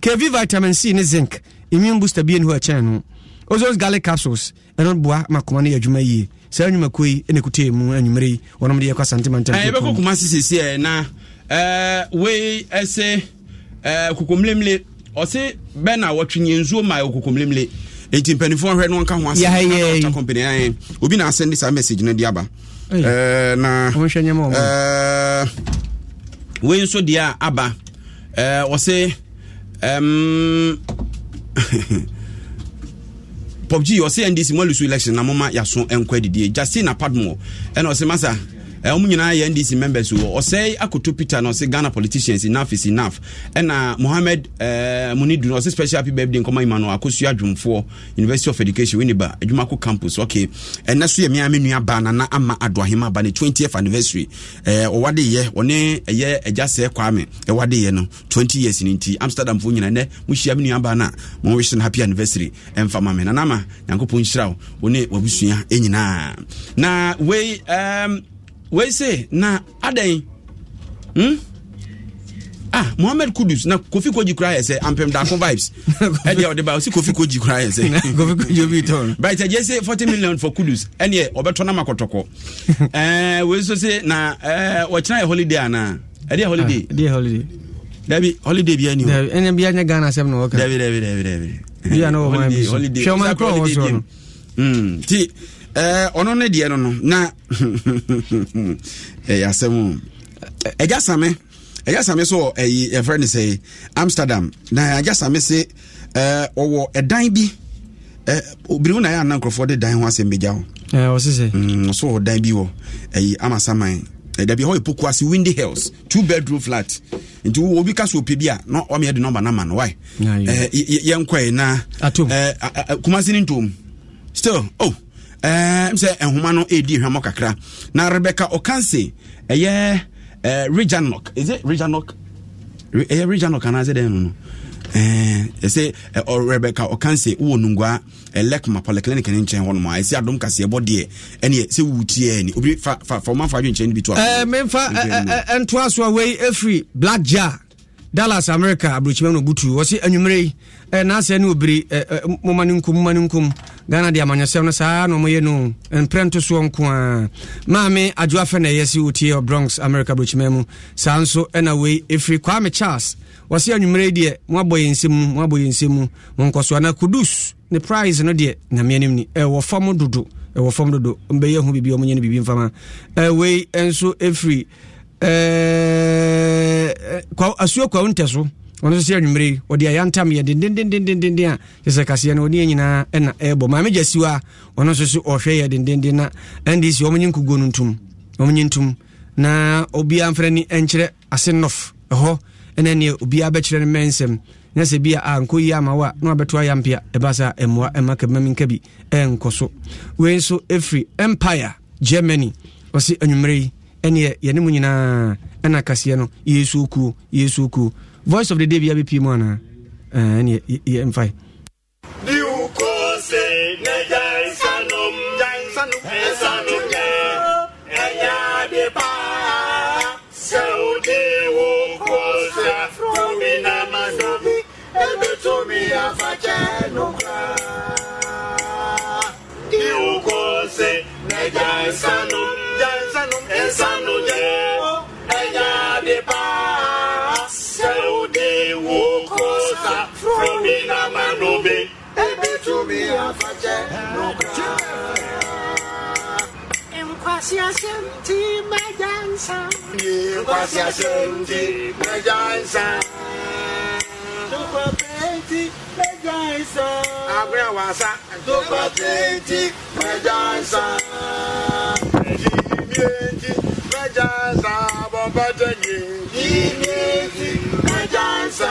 kv vitamin c ne zinc immune booster bi ni hɔ ɛkyɛn no ozone garlic capsules ɛno boa ma koma no yɛ adwuma yie saa nnwumako yi ɛna ɛkutee mu anwummerɛ yi wɔnom de yɛkɔ asantemantamyɛbɛkɔ koma sesesiɛ na wei ɛsɛ kokomlemle ɔse bɛna wɔtwenye nsuo ma ɛwɔ kokomlemle enti mpanimfoɔ hwɛ no nka ho asɛm company ayɛ eh, obi na asɛnde saa message no de aba eh, na eh, wei nso deɛ a aba wɔse pɔbgyi ɔsɛ ndc mu alusu election na moma yɛaso nkɔ adidie justina padmore ɛna ɔse masa ɛwɔm nyinaa yɛ ndc members wɔ ɔsɛe akoto peter no ɔse ghana politicians enough is enough ɛna mohammed uh, munidu no ɔse special happy birthday nkɔma ima no akosua adwomfoɔ university of education winiba adwumako campus okay ɛnɛ so yɛ mea me nua baa nana ama adoahema ba ne 20th anniversary ɔwadeyɛ ɔne ɛyɛ agya sɛ kwame ɛwadeyɛ no 20 years no nti amsterdam fo nyina nɛ mohyia me nua baa no a mowehye no happy anniversary ɛmfa ma me nanama nyankopɔn nhyira wo wo ne wabusua nyinaa na wei um, wei se na adɛn hmm? ah mohammed kudus na kofi koji kura yɛ sɛ ampem daako vibes ɛdeɛ ɔde ba ɔsi kofi koji kura yɛ sɛ kofi koji obi tɔ no baita gye se forty million for kudus ɛneɛ ɔbɛtɔ nam akɔtɔkɔ ɛɛ wei so se na ɛɛ wɔkyerɛ yɛ holiday ana ɛdeɛ holiday ah, ɛdeɛ holiday dabi holiday bi ni. o dabi ɛni bi ɛnyɛ ghana asɛm na wɔka dabi dabi dabi dabi bi a na wɔ holiday hwɛ ɔman kura wɔn ti. ɔno eh, no deɛ no no na ɛyɛ asɛm ɛgya same ɛgya same so ɛyi eh, yɛfrɛ eh, no sɛ amsterdam na ɛgya same se ɔwɔ ɛdan bi birimu na ɛyɛ ana nkurɔfoɔ de dan ho asɛm bɛgya ho ɔso mm, wɔ dan bi wɔ ɛyi amasaman dabi hɔ yɛ ase windy hills two bedroom flat nti wo obi ka so na bi a na ɔmi yɛ de nɔmba nama no wae yɛnkɔɛ na kumasi ne ntom still oh ɛɛm sɛ ɛnhoma no ɛredi ehwamɔ kakra na rebecca okansi ɛyɛ ɛɛ rejanok is it rejanok ɛyɛ rejanok anaasɛ dɛn no ɛsɛ rebecca okansi wɔ nungua ɛlɛkuma polyclinic ne nkyɛn hɔ nom a ɛsɛ adom kaseɛ bɔ deɛ ɛne sɛ wutie ni obi fa fa fa ɔmanfa adwe nkyɛn no bi to a. ɛɛ mmefa ɛɛ ɛɛ ntoa so a wei efiri black jar dallas america aburukyimɛ no butu wɔsi enyimire yi. Eh, naasɛ ne obere eh, eh, moma no nkum moma no nkum ghana de amanyɔsɛm no saa na ɔmoyɛ no mprɛ nto soɔ nko a maame adwoa fɛ na ɛyɛ sɛ wotie bronx america brokyima mu saa nso ɛna wei ɛfiri kwame charles wɔse anwummerɛ deɛ moabɔ yɛ nsɛm mu moabɔ yɛ nsɛm mu monkɔ so ana kudus ne prize no deɛ nyameanim ni ɛwɔ fam dodo ɛwɔ fam dodo mbɛyɛ ho biribi ɔmonyɛ no biribi mfama wei nso ɛfiri asuo kwawo ntɛ so ɔno nso sɛ anwummerɛ ɔde ayɛntam yɛ dendendendenden a kyɛ sɛ kaseɛ no ɔneɛ nyinaa ɛna ɛbɔ maame gya siw a ɔno nso so ɔhwɛ yɛ dendenden na ɛnde si ɔmonye nkogo no ntom ɔmonye ntom na obiaa mfrɛ ni ɛnkyerɛ ase nɔf ɛhɔ ɛna neɛ obiaa bɛkyerɛ no mɛ nsɛm na sɛ bia a nkɔ yi ama wo a na wabɛto ayampea ɛba sɛ a ɛmmoa ɛma kama mi nka bi ɛnkɔ so wei nso ɛfiri empire germany ɔse anwummerɛ yi ɛneɛ yɛne mu nyinaa ɛna kaseɛ no yesu okuo yesu okuo voice of the day bi abɛpie mu anaa ɛne yɛmfae Sanum, sanum, sanum, sanum. dé. ebi tún mi àfàjẹ́ ló kà. nkwasi asem ti mẹja nsa. nkwasi asem ti mẹja nsa. tukwa penti mẹja nsa. agbẹ́ wàásà. tukwa penti mẹja nsa. èyí mi èyí mẹja nsa bọ́ bá jẹ́ yìí. yìí mi èyí mẹja nsa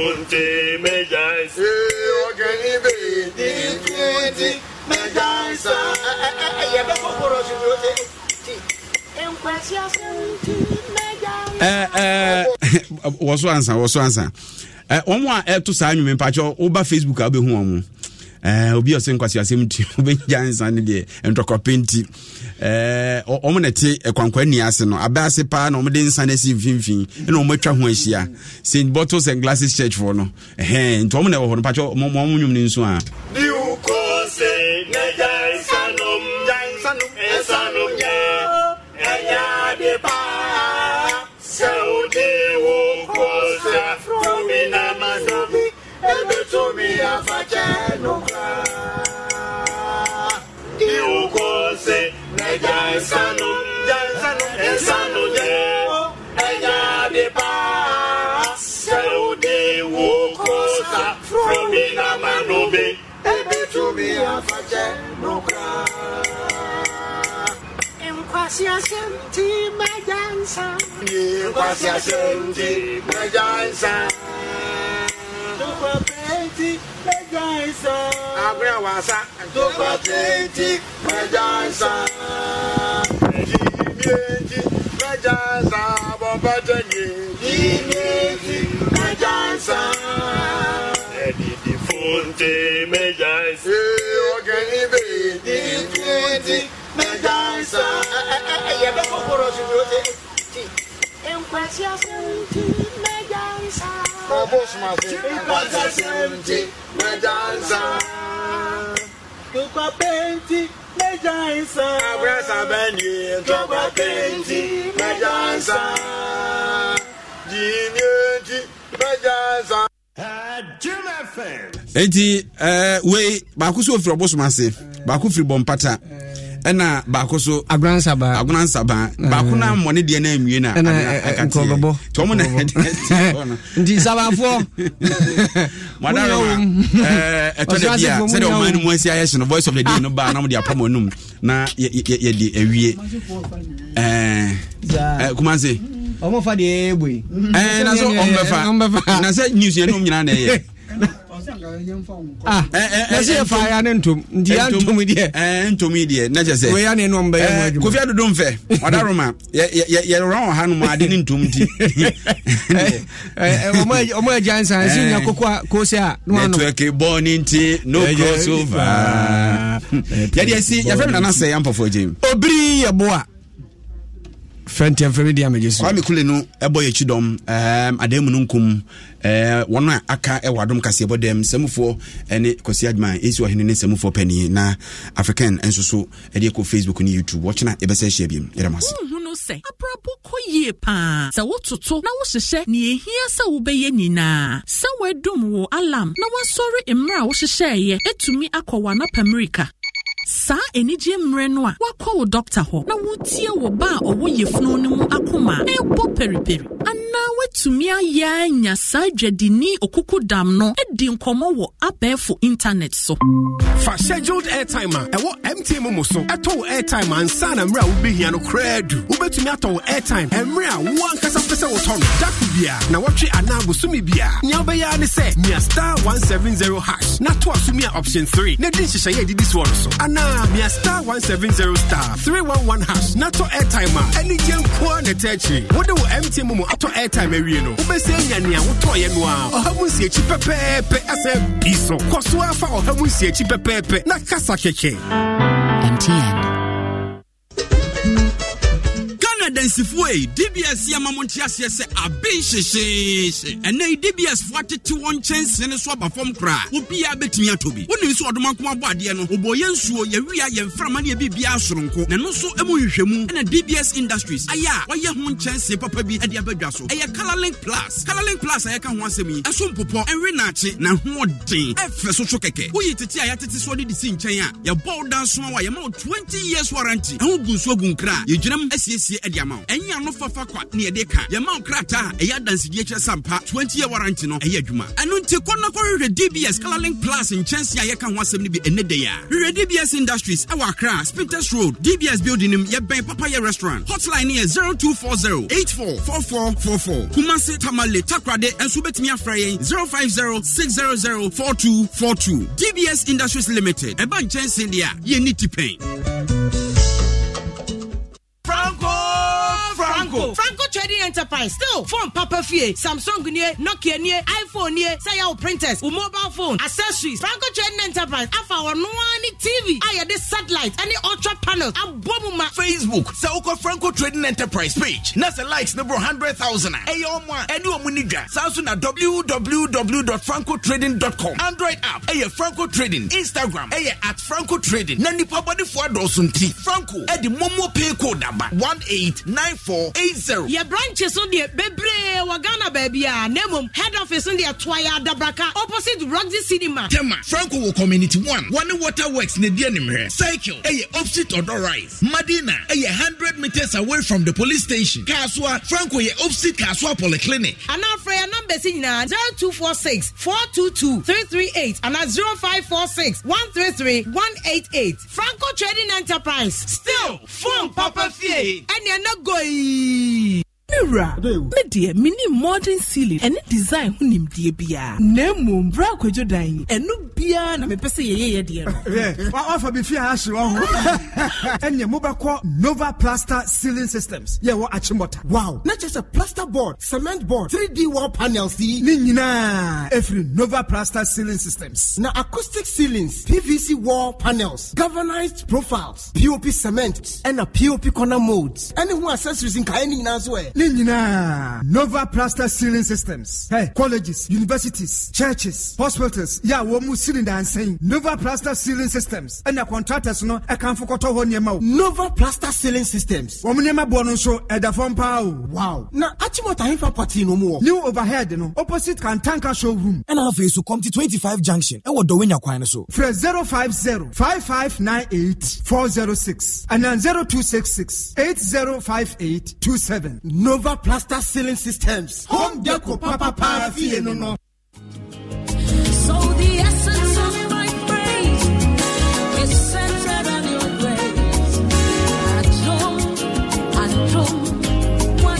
kunti mejais. Ogeni beedi kunti mejais. Ẹyẹ bẹ kọkọrọ ṣoṣo ṣe. Nkwasi ase kunti mejais. Wọ́n so ansa wọ́n so ansa. Wọ́n mu a ɛto saa nnwuma mpakyɛ woba Facebook a wobɛhu wɔn mu. Eh, obi ɔsɛ nkwasi asɛm ti nsa no deɛ ntɔkɔpɛ nti eh, ɔmo na te kwankwa ni ase no abɛ ase paa na ɔmo de nsa no asi mfimfini ɛna ɔmo atwa ho ahyia st bottles and glasses church foɔ no nti ɔmo na ɛwɔ hɔ no pakyɛ ɔmo nwom no nso a to me afache nukra Iukose neja esanu Esanu je Eja de pa Seu de ukosa From ina manobe be. to me afache nukra Nkwasi asenti majansa Nkwasi asenti majansa Nkwasi asenti majansa twenty mẹ́jọ ìsàn. àbúrò wàásà. tó bá twenty mẹ́jọ ìsàn. èyí méjì mẹ́jọ ìsàn bọ́ bá jẹ́ yìí. èyí méjì mẹ́jọ ìsàn. ẹ̀dìdì fúnte mẹ́jọ ìsàn. ee ọ̀gẹ̀ ibè ẹ̀dìdì fúnte mẹ́jọ ìsàn. ẹ̀yẹ̀ bẹ́ẹ̀ kọ́kọ́rọ́ ṣùgbọ́n ó ṣe. ẹ̀ǹpàṣẹ seventy mẹ́jọ. Abos ma fi. Ìbàdàn sèǹtì mẹ́jà ń sàn. Tukpa Eti eh, wei baako so firi Abos baako firi Bọ̀mpata. ɛna baako so agonansabaa baako no mmɔne deɛ no ammue no nkɔbɔbɔ nti sabafoɔ madara ɛtɔ da bi a sɛdeɛ ɔma no mu asi ayɛ hye no voice of the day no baa na mode apam anum na yɛde awie kuma se ɔmfa deɛ ɛboi na sɛ ɔmbɛfa na sɛ news yɛnom nyinaa na ɛyɛ ɛsɛ eh. no ano network fɛnti afɛmi di amagye so kwame kule no ɛbɔ yɛkyi dɔm adan mu no nkum wɔn a aka ɛwɔ adom kaseɛ bɔ dɛm sɛmufoɔ ɛne kɔsi adwuma ɛsi ɔhene ne sɛmufoɔ panyin na african nso so ɛde kɔ facebook ne youtube wɔkyena ɛbɛsɛ hyia biom yɛdɛm ase no sɛ abrabɔ kɔ yie paa sɛ wototo na wohyehyɛ nea ehia sɛ wobɛyɛ nyinaa sɛ wɔadum wo alam na woasɔre mmerɛ a wohyehyɛeɛ atumi akɔ wɔ anɔpa mmirika saa anigye mmerɛ no a wakɔ wo dɔkta hɔ na wotie wɔ ba a ɔwɔ yɛfunu no mu akoma a ɛbɔ periperi anaa woatumi ayɛ anya saa dwadini okuku dam no di nkɔmmɔ wɔ abɛɛfo internet so fa scheduled airtime a ɛwɔ mtm mu so ɛtɔ wo airtime ansa na mmerɛ a wobɛhia no koraa du wobɛtumi atɔ wo airtime mmerɛ a wo ankasa pɛ sɛ wotɔ no dako bia na wɔtwe anaa bosome bia nea wobɛyɛ ne sɛ nia star 170 hash na to a a option 3 na di nhyehyɛeɛ adidi soɔ no so anaa na mia star 170 star 311 hash na tɔ airtime a ɛne gye nkoa na ɛtɛ wode wo mtn mu mu atɔ airtime awie no wobɛsɛ anya nea wotɔɔyɛ no a ɔha mu nsiakyi pɛpɛɛpɛ asɛ bi so kɔ so afa ɔha mu nsiakyi pɛpɛɛpɛ na kasa kɛkɛ mtn adansifoɔ yi dbs yɛ ma mo nte aseɛ sɛ abe hyehyeehye ɛnɛ yi dbs foɔ atete wɔn nkyɛnsee no so aba fam koraa obiara bɛtumi atɔ bi wonim sɛ ɔdoma nko abɔ adeɛ no wɔbɔ yɛn nsuo yɛwia yɛn mframa ne yɛbiribiaa soronko na ɛno nso mu nhwehwɛmu ɛna dbs industries ayɛ a wɔyɛ ho nkyɛnsee papa bi de abadwa so ɛyɛ colorlink plus colorlink plus a yɛka ho asɛm yi ɛso mpopɔ ɛnwe naakye na hoɔden ɛfɛ so so kɛkɛ woyi tete a yɛatete so de de si nkyɛn a yɛbɔ wo danso a yɛma wo 20 years warranty ɛho gu nsuo gu nkra a yɛgyinam asiesie de de ama wo ɛnyɛ ano fafa kwa ne yɛde ka yɛma wo krataa a ɛyɛ adansedie kyerɛ sampa 20 year warranty no ɛyɛ adwuma ɛno nti kɔ na kɔhwehwɛ dbs colorlink plus nkyɛnse a yɛka ho asɛm no bi ɛnɛ dɛ a hwehwɛ dbs industries ɛwɔ akra spinters road dbs building nim yɛbɛn papayɛ restaurant hotline ne yɛ 0240 844444 kumase tamale takrade ɛnso wobɛtumi afra yɛn 050 dbs industries limited ɛba nkyɛnse deɛ a yɛnni tipɛn Mango. trading enterprise still phone papa fie samsung nie nokia nie iphone nie sɛyɛ wo printers wo mobile phone accessories franco trading enterprise afa wɔn noa tv a the satellite any ultra panels abɔ ma. facebook sɛ ko franco trading enterprise page na sɛ likes number bɔ hundred thousand a omo ɔmo a ɛne ɔmo ni dwa saa na www.francotrading.com android app ɛyɛ franco trading instagram ɛyɛ at franco trading na nipa for adɔɔso nti franco ɛde momo pay code number one eight nine four eight zero deɛ branches no deɛ bebree wɔ ghana baabi a na mmom head office no deɛ toa yɛ adabraka opposite roxy cinema tema franco wɔ community one wɔne waterworks ne deɛ nimmerɛ cycle ɛyɛ opposite ɔdɔ rise madina ɛyɛ 100 meters away from the police station kasoa franco yɛ opposite kasoa polyclinic anaafrɛ yɛ numbers nyinaa 0246 422 338 anaa 0546 133 188 franco trading enterprise still phone papa fie ɛneɛ na goii mewura me deɛ menim modern ceiling ɛne design ho nimdeɛ biara na mmom berɛ akwadwo dan yi ɛno biara na mepɛ sɛ yɛyɛyɛ deɛ no wafa bi fi ahye wɔ ho ɛneɛ mobɛkɔ nova plaster ceiling systems yɛwɔ akyemmɔta wow na kyerɛ sɛ plaster board cement board 3d wall panels yi ne nyinaa ɛfiri nova plaster ceiling systems na acoustic ceilings pvc wall panels galvanized profiles pop cement ɛna pop corner molds ɛne hu accessories nkaeɛ no nyinaa nso ɛ ne nyinaa nova plaster ceiling systems hey, colleges universities churches hospitals yɛ a wɔn mu siri dansɛn nova plaster ceiling systems ɛna contractors no ɛkanfo e kɔtɔ hɔ nneɛma o. nova plaster ceiling systems. wɔn nneɛma boɔ no nso ɛda e fam paa o. wow na achimota hin property no mu wɔ. new overhead no opposite kantanka showroom. ɛna afei so kɔmti twenty five junction ɛwɔ dɔwɛnya kwan no so. frɛ zero five zero five five nine eight four zero six and then zero two six six eight zero five eight two seven nova plaster ceiling systems home deco papa pa fie no so the essence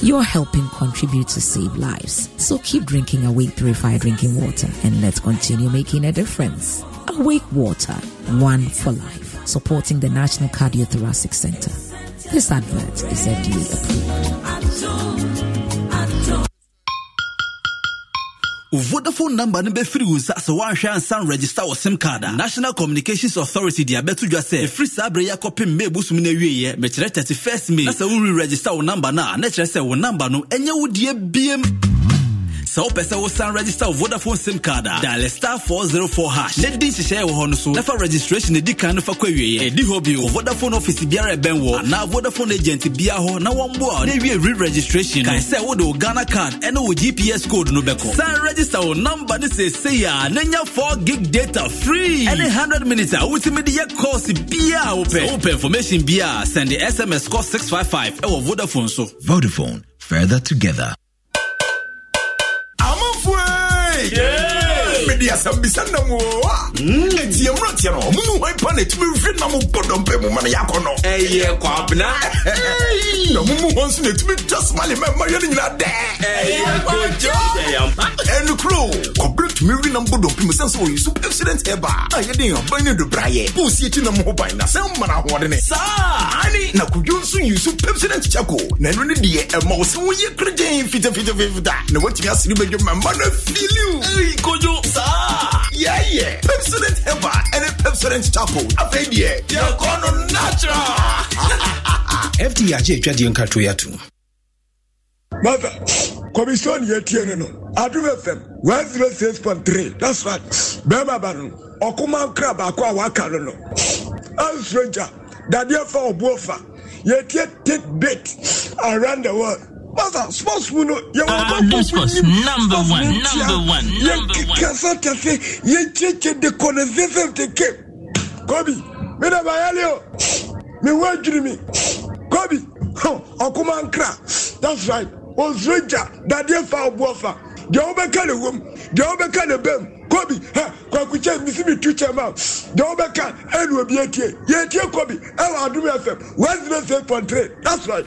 you're helping contribute to save lives. So keep drinking Awake Purified Drinking Water and let's continue making a difference. Awake Water, one for life, supporting the National Cardiothoracic Center. This advert is FDA approved. wo vodafone number no bɛfiri wo nsa sɛ woanhwɛ ansa register wɔ sim card a national communications authority de abɛto dwa sɛ ɛfiri saa berɛ yi akɔpem ma ɛbosom no awieeɛ mekyerɛ 31 may na sɛ wore register wo number no a na kyerɛ sɛ wo number no ɛnyɛ wodeɛ biem sɛ wopɛ sɛ wo san register vodaphone sim card a dial star 404 hash na di nhyehyɛe wɔ hɔ no so na fa registration ɛdi kan no fa kɔ awieɛ ɛdi hɔ bio Vodafone office biara ɛbɛn wɔ anaa Vodafone agent bia hɔ na wɔmboa na ɛwie re registration kae sɛ wode wo ghana card ɛne wo gps code no bɛkɔ san register wo number no seesei a na nya 4 gig data free ɛne 100 minutes a wotumi de yɛ course bia a wopɛ wopɛ information bia sɛnde sms cɔ 655 ɛwɔ Vodafone so Vodafone further together de asɛm bisa nam wɔa ɛtiɛ mmeranteɛ no ɔmo mu hwan pa ah, na ɛtumi mfi nam bɔdɔmpɛ mu ma no yɛakɔ no ɛyɛ kwabena na ɔmo mu hɔ nso na ɛtumi twa somale ma mma yɛ no nyinaa dɛ ɛyɛ kɔgyo ɛnokuro kɔberɛ tumi wi nam bɔdɔmpɛ mu sɛn sɛ wɔyi so accident ɛba a yɛde aban no dobraeɛ bɔɔsi akyi nam ho ban na sɛ mmara ahoɔde ne saa ane na kodwo nso yi so accident kyɛko na ɛno ne deɛ ɛma wo sɛ woyɛ korogyen fitafitafita na woatumi asere bɛdwo ma mma no afiliw kɔdwo saa yeah, yeah. Pepsodent Heba and a Pepsodent Chapel. Avedia, you're going natural. FDIJ, Jadian Katoyatu. Mother, Commission Yetiano, Adum FM, 106.3. That's right. Bema Baron, Okuma Crab, Aqua Wakarano. I'm stranger, Dadia for Bofa. Yet, yet, bit around the world. Pastor, sports mu no yɛwɔ ɔbɛbɔ ah, sports number one number one number one. Yɛkasa tafe yɛnkyekye de conversation te ke. Kobi, mi na bayali o, mi wo adwiri mi. Kobi, ɔkoma nkra, that's right. Ozureja, dadeɛ fa ɔbu ɔfa. Deɛ wobɛka ne wom, deɛ wobɛka ne bɛm. Kobi, ha, kwaku kyɛ mi si mi tu kyɛ ma. Deɛ wobɛka ɛnu obi etie. Yɛtie Kobi ɛwɔ adum fm, one zero six point three, that's right.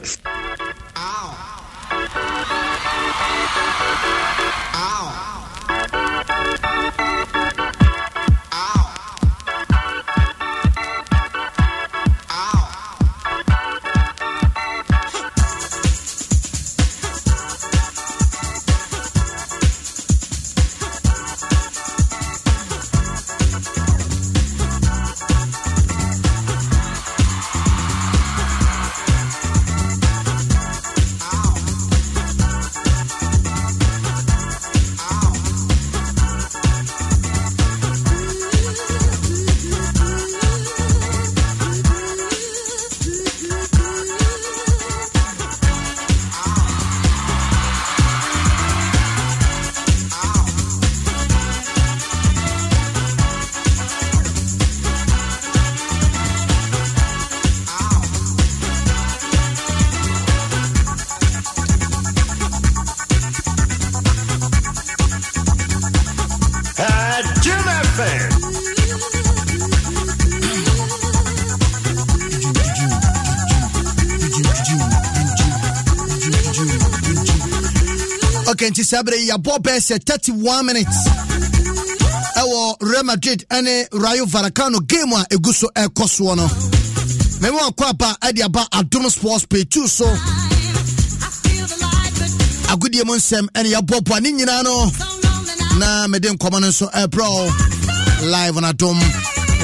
saa bere yɛabɔ bɛɛ sɛ 31 minutes ɛwɔ real madrid ne rayo varacano game a ɛgu so ɛrekɔ soɔ no mɛma wakɔ aba ɛde aba adom sports pay 2 so agodie mu nsɛm ɛne yɛboaboa ne nyinaa no na mede nkɔmmɔ no nso ɛbrɛ live on adom